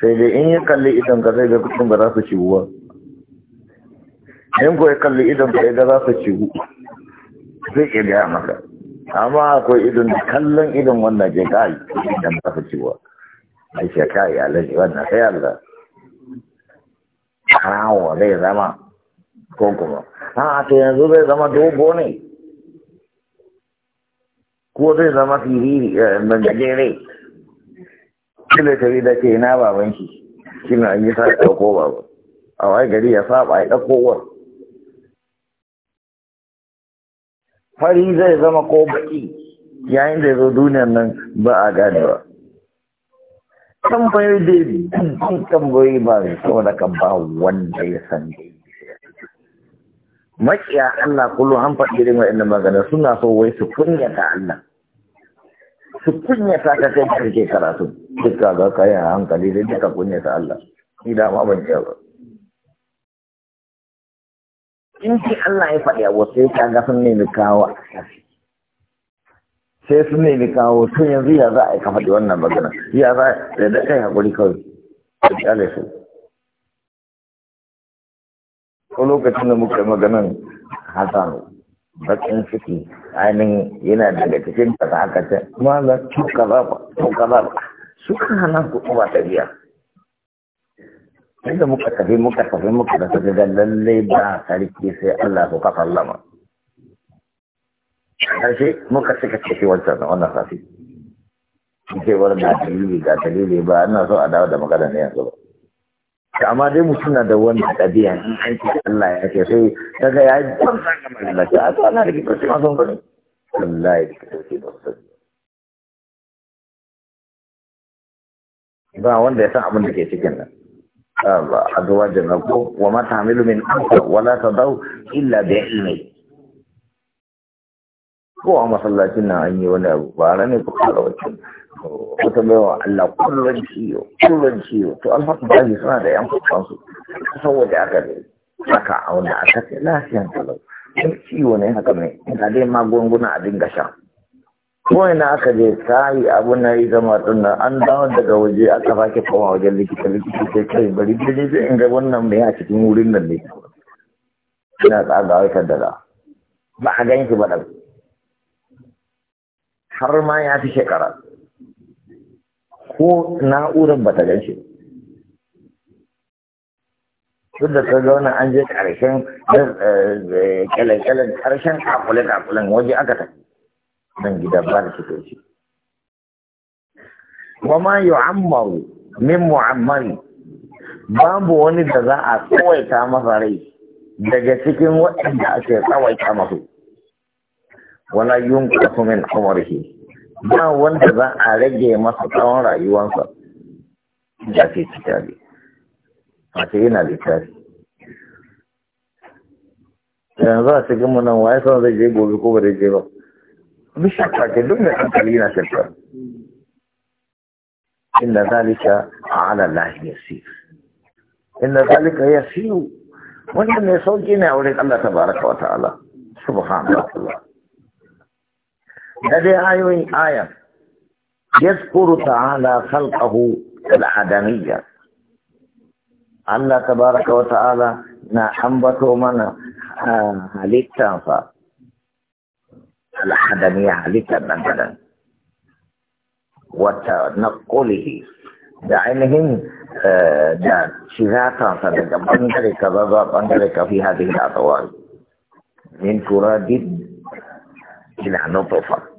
sai dai in yi kalli idan ka zai ga kuɗin ba za su ci ba in kuwa ya kalli idan ka ga za su ci zai iya gaya maka amma akwai idan da kallon idon wannan je kai idan ba su ci ba a shekai alaji wannan sai Allah harawa zai zama ko kuma a to yanzu zai zama dogo ne ko zai zama firiri eh, gajere kila ta da ke na baban shi an yi sa ɗauko baba a wai gari ya saba ya ɗauko war fari zai zama ko baki yayin da ya zo duniyar nan ba a ganewa tambayar da kun tambayi ba ne saboda ka ba wanda ya san makiya Allah kullum an faɗi irin waɗannan magana suna so wai su kunyata Allah su kunyata ka kai rike karatu duka ga kayan hankali da duka kunyata Allah ni da ma ban ba in ce Allah ya faɗi a wasu, ya ga sun nemi kawo a ƙasashe sai su nemi kawo to yanzu ya za a yi kafa da wannan magana ya za da da kai hakuri kawai da kyale su ko lokacin da muka yi maganan hasanu bakin ciki ainihin yana daga cikin da aka ce malam su kaza ba to kaza ba suka hana ku ba biya inda muka tafi muka tafi muka da suka ga lallai ba sarki sai Allah ku kafa lamar ƙarshe muka cika ciki wancan na wannan safi wani ga dalili ga dalili ba ina so a dawo da magana ne yanzu ba amma dai mutum na da wannan ɗabi'a in an ce Allah ya ce sai daga ya yi ban san kamar Allah ce a tsana da kika cewa sun gani Allah ya kika dauke da ba wanda ya san abin da ke cikin nan a zuwa jana ko wa mata hamilu min amsa wala ta dau illa bi ilmi ko a masallacin nan an yi wani abu ba ne ko kala wacce wata mai wa Allah kullun ciwo kullun ciyo to alhamdulillah suna da yan kusan su saboda aka ne aka auna a ce lafiyan talau in ciwo ne haka mai ina dai magunguna a dinga sha ko ina aka je yi abu na yi zama nan. an dawo daga waje aka ke kowa wajen likita likita sai kai bari ne zai in ga wannan mai a cikin wurin nan ne ina tsaga wai da ba a shi ba da har ma ya fi shekara ko na'urar ba ta gan shi duk da ta zauna an je ƙarshen kyalen eh, waje aka ta nan gida ba da fito shi wa ma min mu'ammari babu wani da za a tsawaita masa daga cikin waɗanda ake tsawaita masu wala yunqasu min umrihi ba wanda za a rage masa tsawon rayuwansa da ke kitabi mace yana littafi yanzu a cikin mu nan waye son zai je gobe ko ba zai je ba duk kake ke duk mai hankali na shirka. inda zalika ala ya yasir inda zalika yasiru wanda mai sauki ne a wurin Allah tabaraka wa ta'ala subhanallah هذه آية آية يذكر تعالى خلقه العدمية الله تبارك وتعالى نحمبك من حليك آه، تنفى العدمية حليك مثلا وتنقله بعينهم دان شذا تنفى من ذلك بذب في هذه الأطوال من كرة دين إلى نطفه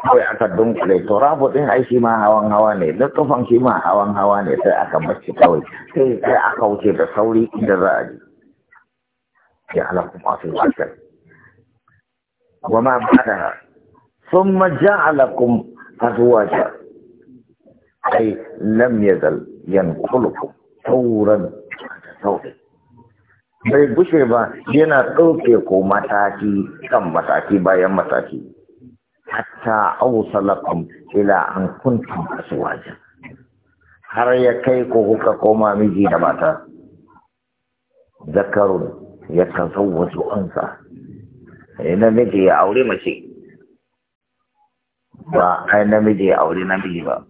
Kau yang dunkule dungkul rafo din ai shi ma hawan hawa ne da tufan shi ma hawan hawa ne sai aka bacci kawai sai sai aka wuce da sauri inda za a ji ya halakku masu wa ma bada sun ja'alakum azwaja ai lam yang kulukum. sauran sauran bai bushe ba yana ɗauke ko mataki kan mataki bayan mataki hatta awsalakum ila an kuntum azwajan har ya kai ko kuka koma miji da mata zakarun ya tazawwaju ansa ina miji ya aure mace ba ai namiji ya aure namiji ba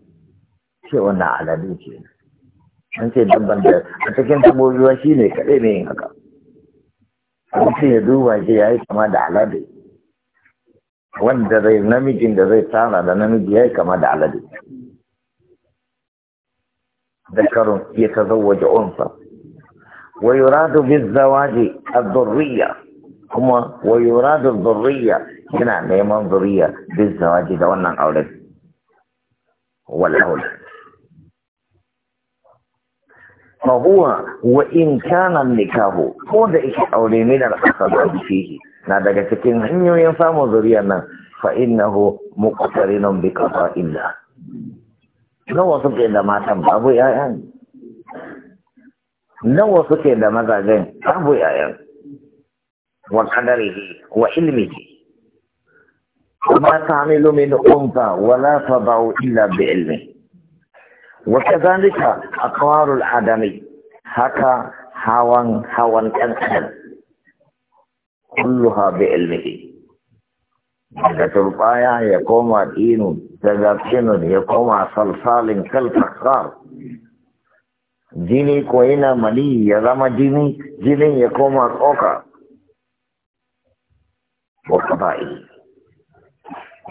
ce wannan aladu ce an ce dabban da a cikin tabobiwa shi ne kaɗai ne yin haka an ce ya duba shi ya yi kama da aladu wanda zai namijin da zai tara da namiji ya yi kama da alade ذكر يتزوج أنثى ويراد بالزواج الذرية هما ويراد الذرية هنا نيمان ذرية بالزواج دوانا أولاد والأولاد فهو وإن كان النكاح هو ذلك أولي من الأخذ فيه na daga cikin hanyoyin samun zuriyar nan fa innahu muqtarinun bi qada'illah nawa suke da matan babu yayan nawa suke da mazajen babu yayan wa yi wa ilmihi kuma ta'amilu min unta wala tadau illa bi ilmihi وكذلك a الآدمي Adamu هاوان hawan كان أدم kulluha bi ilmihi daga turbaya ya koma dinu daga tinun ya koma salsalin kalfakar jini ko yana mali ya zama jini jinin ya koma tsoka وقضائه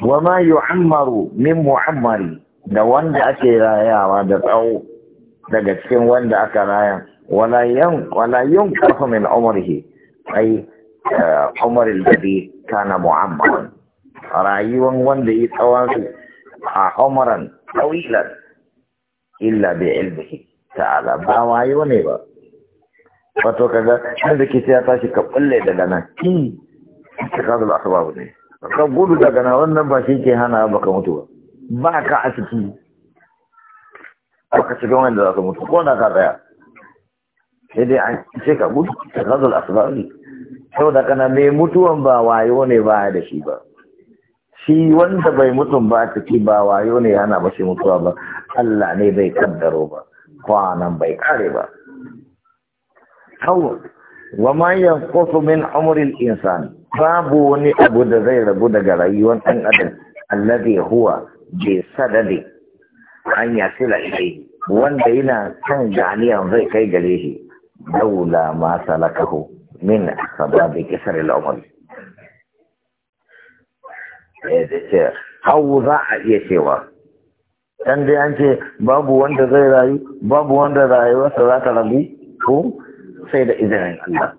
وما يعمر min معمر da wanda ake rayawa da tsawo daga cikin wanda aka raya wala yan wala yunqafu min umrihi ai Umar al-Gadi kana mu'amman rayuwan wanda ya tsawon su a umaran tawilan illa bai ilmihi ta'ala ba wayo ne ba wato kaga shan da ke ya tashi ka kulle daga nan ki ka kazo da ne ka gudu daga nan wannan ba shi ke hana baka mutu ba ba ka a ciki ka shiga wanda za ka mutu ko na ka tsaya sai dai an ce ka gudu ka kazo da ne sau da kana mai mutuwan ba wayo ne ba da shi ba shi wanda bai mutum ba ciki ba wayo ne yana ba shi mutuwa ba Allah ne bai kaddaro ba kwanan bai kare ba kawo wa ma yanqusu min umri insan babu wani abu da zai rabu daga rayuwar ɗan adam alladhi huwa je sadade an yasila ilayhi wanda yana kan ganiyan zai kai gare shi daula ma salakahu min sababi kisar al'umar hau za a iya cewa dan dai an ce babu wanda zai rayu babu za ta rabu ko sai da izinin Allah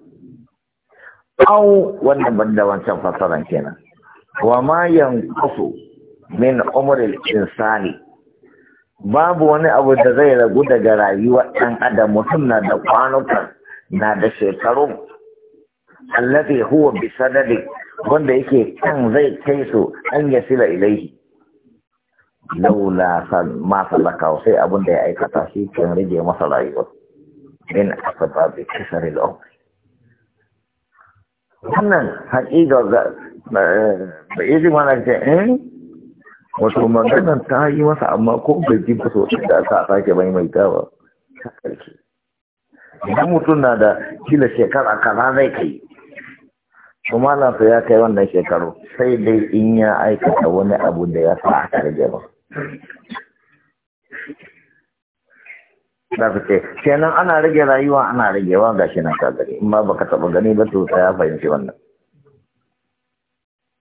au wannan banda wancan fasaran kenan wa ma yanqusu min umril insani babu wani abu da zai ragu daga rayuwar ɗan adam mutum na da kwanukan na da shekaru allazi huwa bi wanda yake kan zai kai su an sila ilaihi laula ma salaka sai abin da ya aikata shi kan rage masa rayuwa min asbabi kisar al wannan haƙiƙa ba yi jima na ce eh wato maganar ta yi masa amma ko bai ji ba so da aka sake mai mai ba ta ƙarshe idan mutum na da kila shekara kaza zai kai malansa ya kai wannan shekaru sai dai in ya aikata wani abu da ya sa aka rage ba za su ce kenan ana rage rayuwa ana ragewa ga shi nan kagari in ma baka taba gani ba to ya fahimci wannan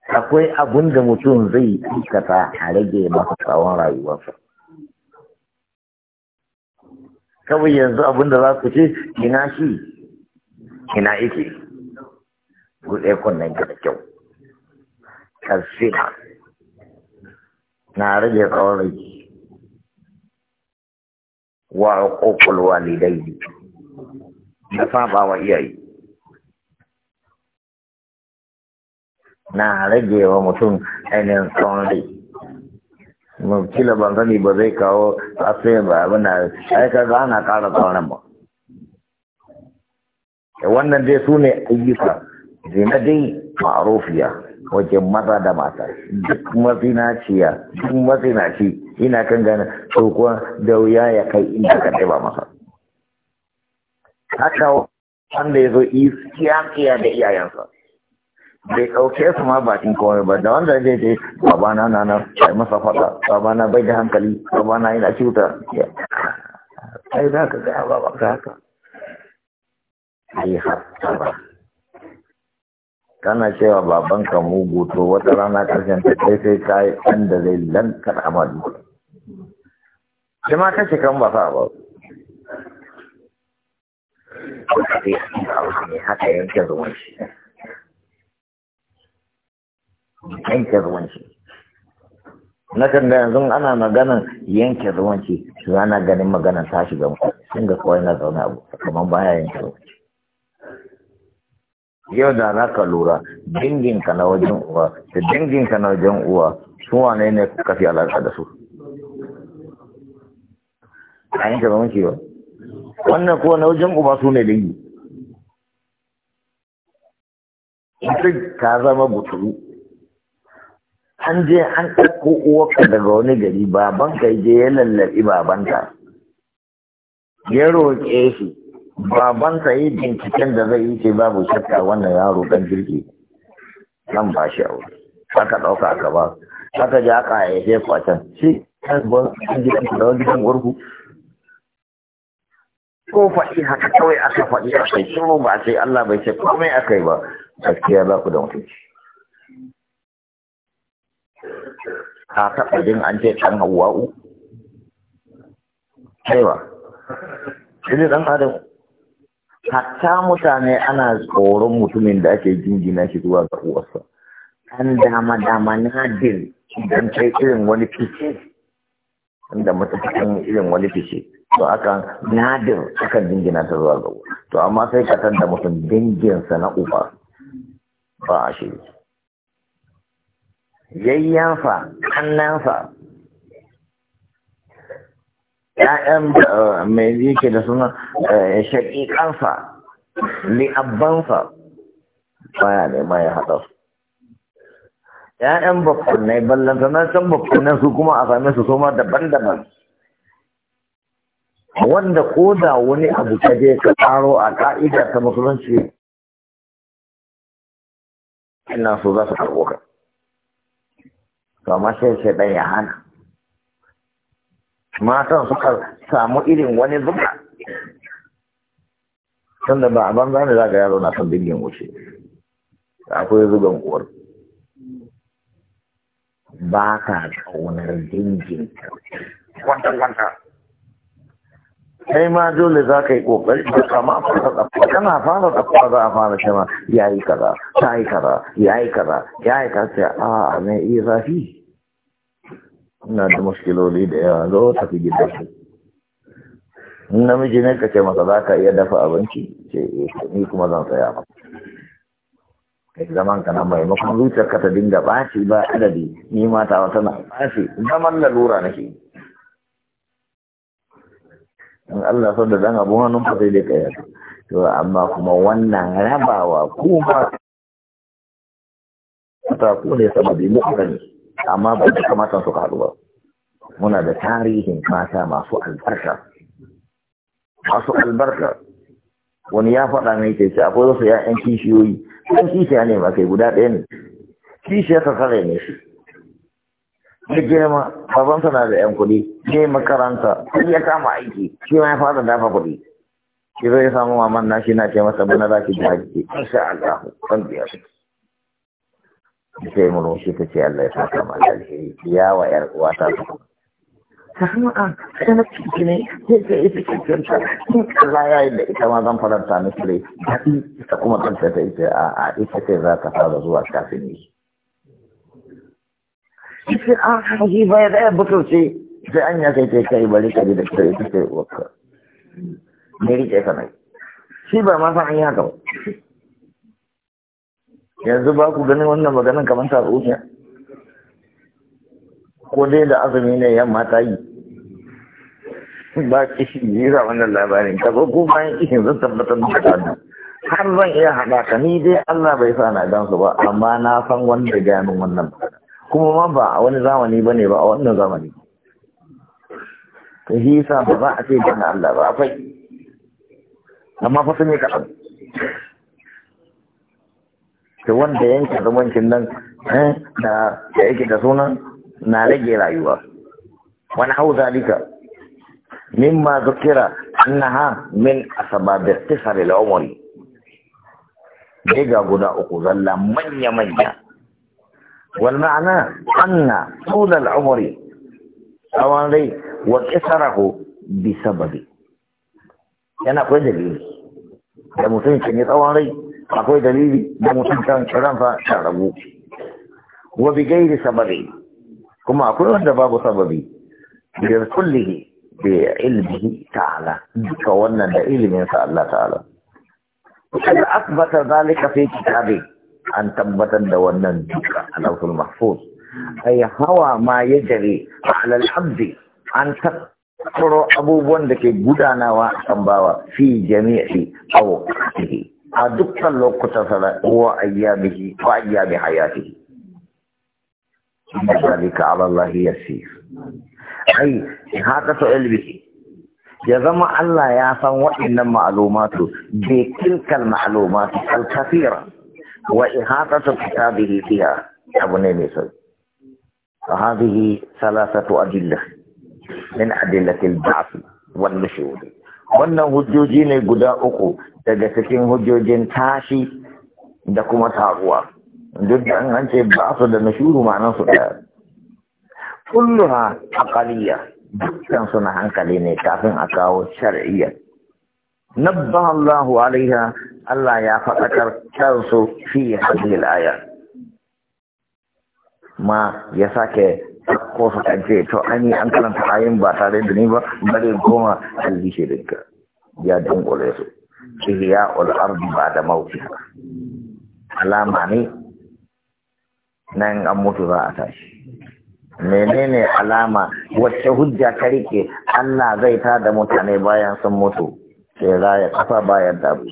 akwai abun da mutum zai aikata a rage masa tsawon rayuwarsa kawai yanzu abun da za ku ce ina shi ina ike buɗe kunnen ka da kyau karsina na rage tsawon wa ƙoƙul walidai na saba wa iyayi na rage wa mutum ainihin tsawon mafi kila ban sani ba zai kawo tsafe ba abin da aika za ana ƙara tsawon ba wannan dai su ne ayyuka zina dai wajen maza da mata duk mazinaciya duk mazinaci ina kan gane to kuwa da wuya ya kai inda ka ba masa haka wanda ya zo iskiya da iyayensa bai ɗauke su ma bakin kowai ba da wanda zai je babana na nan ai masa faɗa babana bai da hankali babana yana cuta ai za ka gaya ba ka haka ai har ba kana cewa babanka mugu to wata rana karshen ta kai sai ka yi ɗan da zai lankar amadu shi ma kashe kan ba sa ba haka yanke zuwan yanke zuwan na kan ga yanzu ana maganan yanke zuwanci shi su ana ganin maganan ta shiga mutum sun ga kawai na zaune abu kamar baya yanke zuwanci yau da za ka lura ka na wajen uwa da ka na wajen uwa su wane ne kuka fi alaƙa da su a yin ba muke ba wannan kuwa na wajen uba su ne dingi. ita ta zama buturu an je an ɗauko uwarka daga wani gari babanka je ya lallaɓi babanka ya roƙe shi baban sa yi binciken da zai yi ce babu shakka wannan yaro dan jirgi nan ba shi wuri aka ɗauka aka ba aka ji aka haife kwacan shi kan gidan ku da wani gidan gurgu ko faɗi haka kawai aka faɗi a kai shiru ba sai Allah bai ce komai a kai ba gaskiya za ku da mutunci a taɓa jin an ce ɗan hawa'u kai ba shi ɗan adam hatta mutane ana tsoron mutumin da ake jingina shi zuwa ga uwarsa an dama dama na din idan kai irin wani fice inda mutum irin wani fice to aka nadir akan jingina ta zuwa ga to amma sai ka tanda mutum danginsa na uba ba a shi yayyansa kannansa ya'yan eh, mai yake da suna eh, shaƙiƙansa li'abbansa baya nema ya haɗa su ‘ya'yan ballanta na can bakwanan su kuma a same su soma daban-daban wanda ko da wani abu ta je ka tsaro a ƙa’idar ta musulunci ina so za su karɓo ka Kama sai sai ya hana matan suka samu irin wani zuba da ba a banza ne za ka yaro na son dingin wuce akwai zuban uwar ba ka kaunar dingin kwanta-kwanta kai ma dole za ka yi kokari ka ma fara tsakwa kana fara tsakwa za a fara ma ya yi kaza ta yi kaza ya yi kaza ya yi kaza a mai iya zafi ina da muskiloli da yawa zo tafi gida shi namiji ne ka ce masa za ka iya dafa abinci ce eh, ni kuma zan tsaya ba kai zaman ka na maimakon zuciyar ka ta dinga ɓaci ba adadi ni ma ta wata na ɓaci zaman lalura nake in Allah son da dan abu hannun fa sai dai kaya to amma kuma wannan rabawa kuma ta ku ne sababi mu'mini amma ba su kamata su haɗu ba muna da tarihin mata masu albarka masu albarka wani ya faɗa mai ke ce akwai wasu ya'yan kishiyoyi ɗan kishiya ne ba kai guda ɗaya ne kishiya ka kare ne shi ya girma babansa na da ƴan kuɗi yi makaranta sai ya kama aiki shi ma ya fara dafa kuɗi shi zai samu maman nashi na ce masa bana za ki ji haƙƙi insha Allah kan biya su sai murmushi ta ce Allah ya saka ma alheri ya wa uwa ta ah, su ciki ne sai yi ya yi da ita ma zan faranta miki rai daɗi ita kuma kanta ta ita a ita ce za ta fara zuwa kafin ni ita a haji bai da ya butulce sai an kai ce kai bari ta da ita ita ce wakka ne rike ka shi ba ma san an yi haka ba yanzu ba ku ganin wannan maganin kamar ta tsofiya ko dai da azumi ne yamma ta yi ba kishi yi za wannan labarin ka zo ko bayan kishin zan tabbatar da kaɗan har zan iya haɗa ka ni dai Allah bai sa na gansu ba amma na san wanda gaya min wannan kuma ma ba a wani zamani ba ne ba a wannan zamani ta hisa ba za a ce gana Allah ba akwai amma fa sun yi kaɗan ta wanda yanke zumuncin nan eh, da ya yake da sunan na rage rayuwa wani hau zalika ma zukira ha min asbabi tisar al dai ga guda uku zalla manya manya wal ma'ana anna tsoda al-umri awan rai, wa ku bi sababi yana kwai dalili da mutum ke ne tsawon rai akwai dalili da mutum kan ranfa ta rabu wa bi gairi sababi kuma akwai wanda babu sababi da kullihi bi ilmihi ta'ala duka wannan da ilimin sa Allah ta'ala kada akbata zalika fi kitabi an tabbatar da wannan duka alawul mahfuz ay hawa ma yajri ala al-abdi an tabbatar abubuwan da ke gudanawa a kan bawa fi jami'i a kasihi هدوكا آه، لوكو تفلا هو ايامه وايام حياته ان ذلك على الله يسير اي هاكا سؤال به يا زما الله يا سما وان معلومات بتلك المعلومات الكثيره واحاطه كتابه فيها ابو نيمس فهذه ثلاثه ادله من ادله البعث والنشور wannan hujjoji ne guda uku daga cikin hujjojin tashi da kuma taruwa duk da an ce ba su da nashuru ma'anan su daya kulluha aqaliyya dukkan su na hankali ne kafin a kawo shar'iyya nabba Allahu alaiha Allah ya faɗaƙar kansu fi hadhihi al-aya ma ya sake ɗauko su kance to an yi an karanta ayin ba tare da ni ba bare goma albishirinka ya dunkule su ihya ul ardi ba da mautiha alama ne nan an mutu za a tashi menene alama wacce hujja ta rike Allah zai ta da mutane bayan sun mutu sai za yi kafa bayan dabu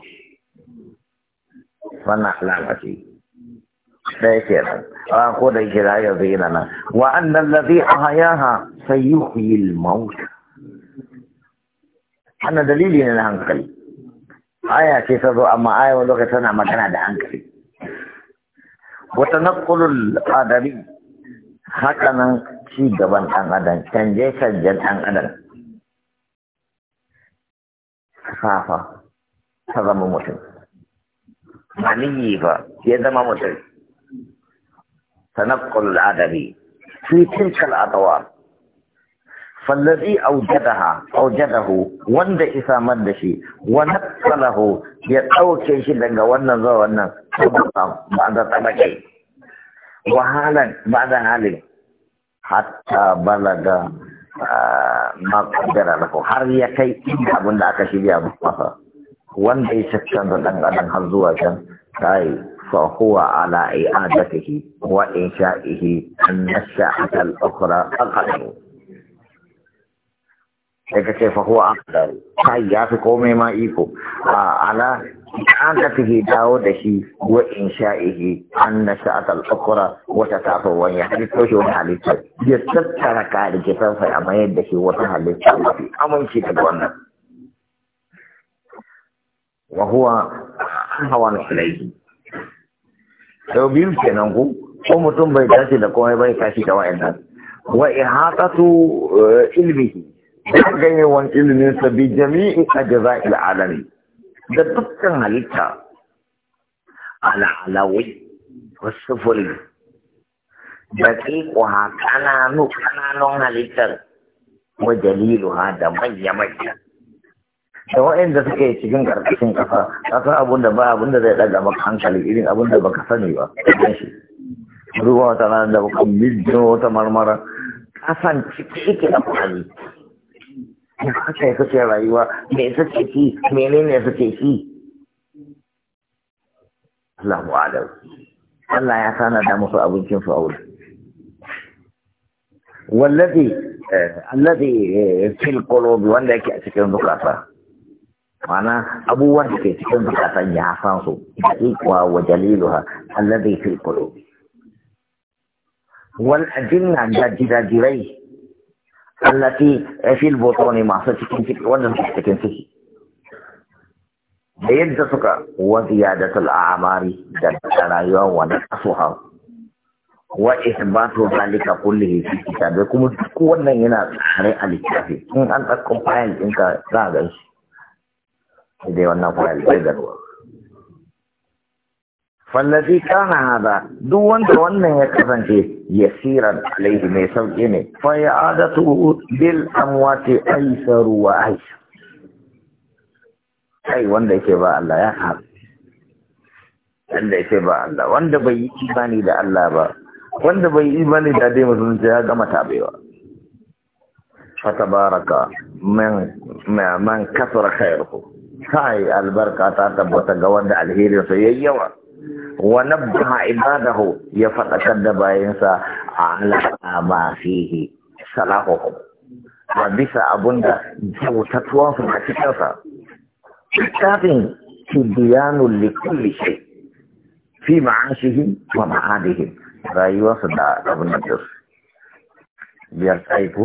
wannan alama ce ɗaya ke nan a ko da yake da yanzu yana nan wa annan lazi a hayaha sai yi huyil ana dalili ne na hankali aya ce ta zo amma aya wani lokaci tana magana da hankali wata nakulul adari haka nan ci gaban ɗan adam canje canjen ɗan adam safa ta zama mutum maniyi ba ya zama mutum تنقل العدم في تلك الأدوار فالذي أوجدها أوجده وند إذا مدشي ونقله يتوكي شدنك ونظر ونظر بعد طبقي وحالا بعد حال حتى بلغ ما قدر له هر يكي kai inda abin da aka shirya masa wanda ya canza dan فهو على إعادته وإنشائه النشأة الأخرى أقدر لكن فهو أقدر هيا في قومي ما إيكو على إعادته داوده شيء وإنشائه النشأة الأخرى وتتعفو ويحدث وشو حالته يتبتر كارجة فهي ما يدشي وتحلسه في أمم شيء تدوانا وهو أهوان إليه sau biyu kenan ku ko mutum bai tashi da komai bai tashi da wa'annan wa ihatatu eh, ilmihi ganyewan ilmin sa bi jami'i ajza'il alami da dukkan halitta ala alawi wasufuri da ƙiƙuwa ƙananu kananun halittar wa ha da manya-manya da waɗanda suke cikin ƙarƙashin ƙasa san abun da ba abun da zai ɗaga maka hankali irin abun da baka sani ba kan shi ruwa wata rana da baka mijin wata marmara san ciki ciki da ya me ya suke rayuwa me suke ci menene suke ci Allahu alam Allah ya sana da musu abincin su aure wallazi eh, allazi eh, fil qulubi wanda yake a cikin zukata Ma'ana abubuwan da ke cikin bukatan ya san su daqiqa wa jaliluha alladhi fil qulub wal ajinna da jirai allati fil butuni masu cikin ciki wannan cikin ciki da yadda suka wa ziyadatul a'mari da rayuwa wa nasuha wa isbatu zalika kullihi fi kitabi kuma duk wannan yana tsare a littafi in an ɗauko fayil ɗinka za a ganshi dai wannan fayil bai da ruwa fallazi kana hada duk wanda wannan ya kasance yasiran alaihi mai sauƙi ne fa adatu bil amwati aisaru wa aisha kai wanda yake ba Allah ya haɗu wanda yake ba Allah wanda bai yi imani da Allah ba wanda bai yi imani da dai musulunci ya gama tabewa baraka, man man kasara khairuhu kai albarka ta tabbata ga wanda alherin sa yayi yawa wa nabbaha ibadahu ya fadakar da a ala ma fihi salahuhum wa bisa abunda kyautatuwan su a cikin sa littafin tibyanu li kulli shay fi ma'ashihi wa ma'adihi su da abin da biyar tsaifu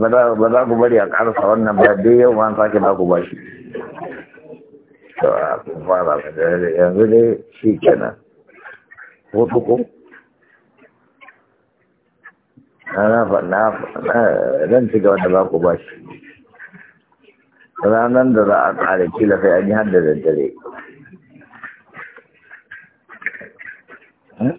ba za ku bari a karasa wannan ba dai yau ma sake ba ku ba shi fara yanzu dai shi kenan na na zan ci gaba da ba ku ba shi ranar da za a kila sai an yi har da daddare hmm?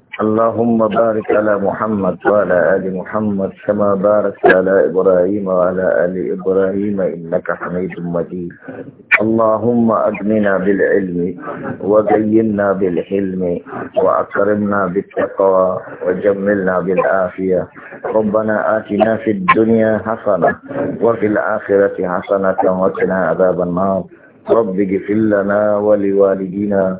اللهم بارك على محمد وعلى آل محمد كما باركت على إبراهيم وعلى آل إبراهيم إنك حميد مجيد اللهم أجمنا بالعلم وزينا بالحلم وأكرمنا بالتقوى وجملنا بالعافية ربنا آتنا في الدنيا حسنة وفي الآخرة حسنة وقنا عذاب النار رب اغفر لنا ولوالدينا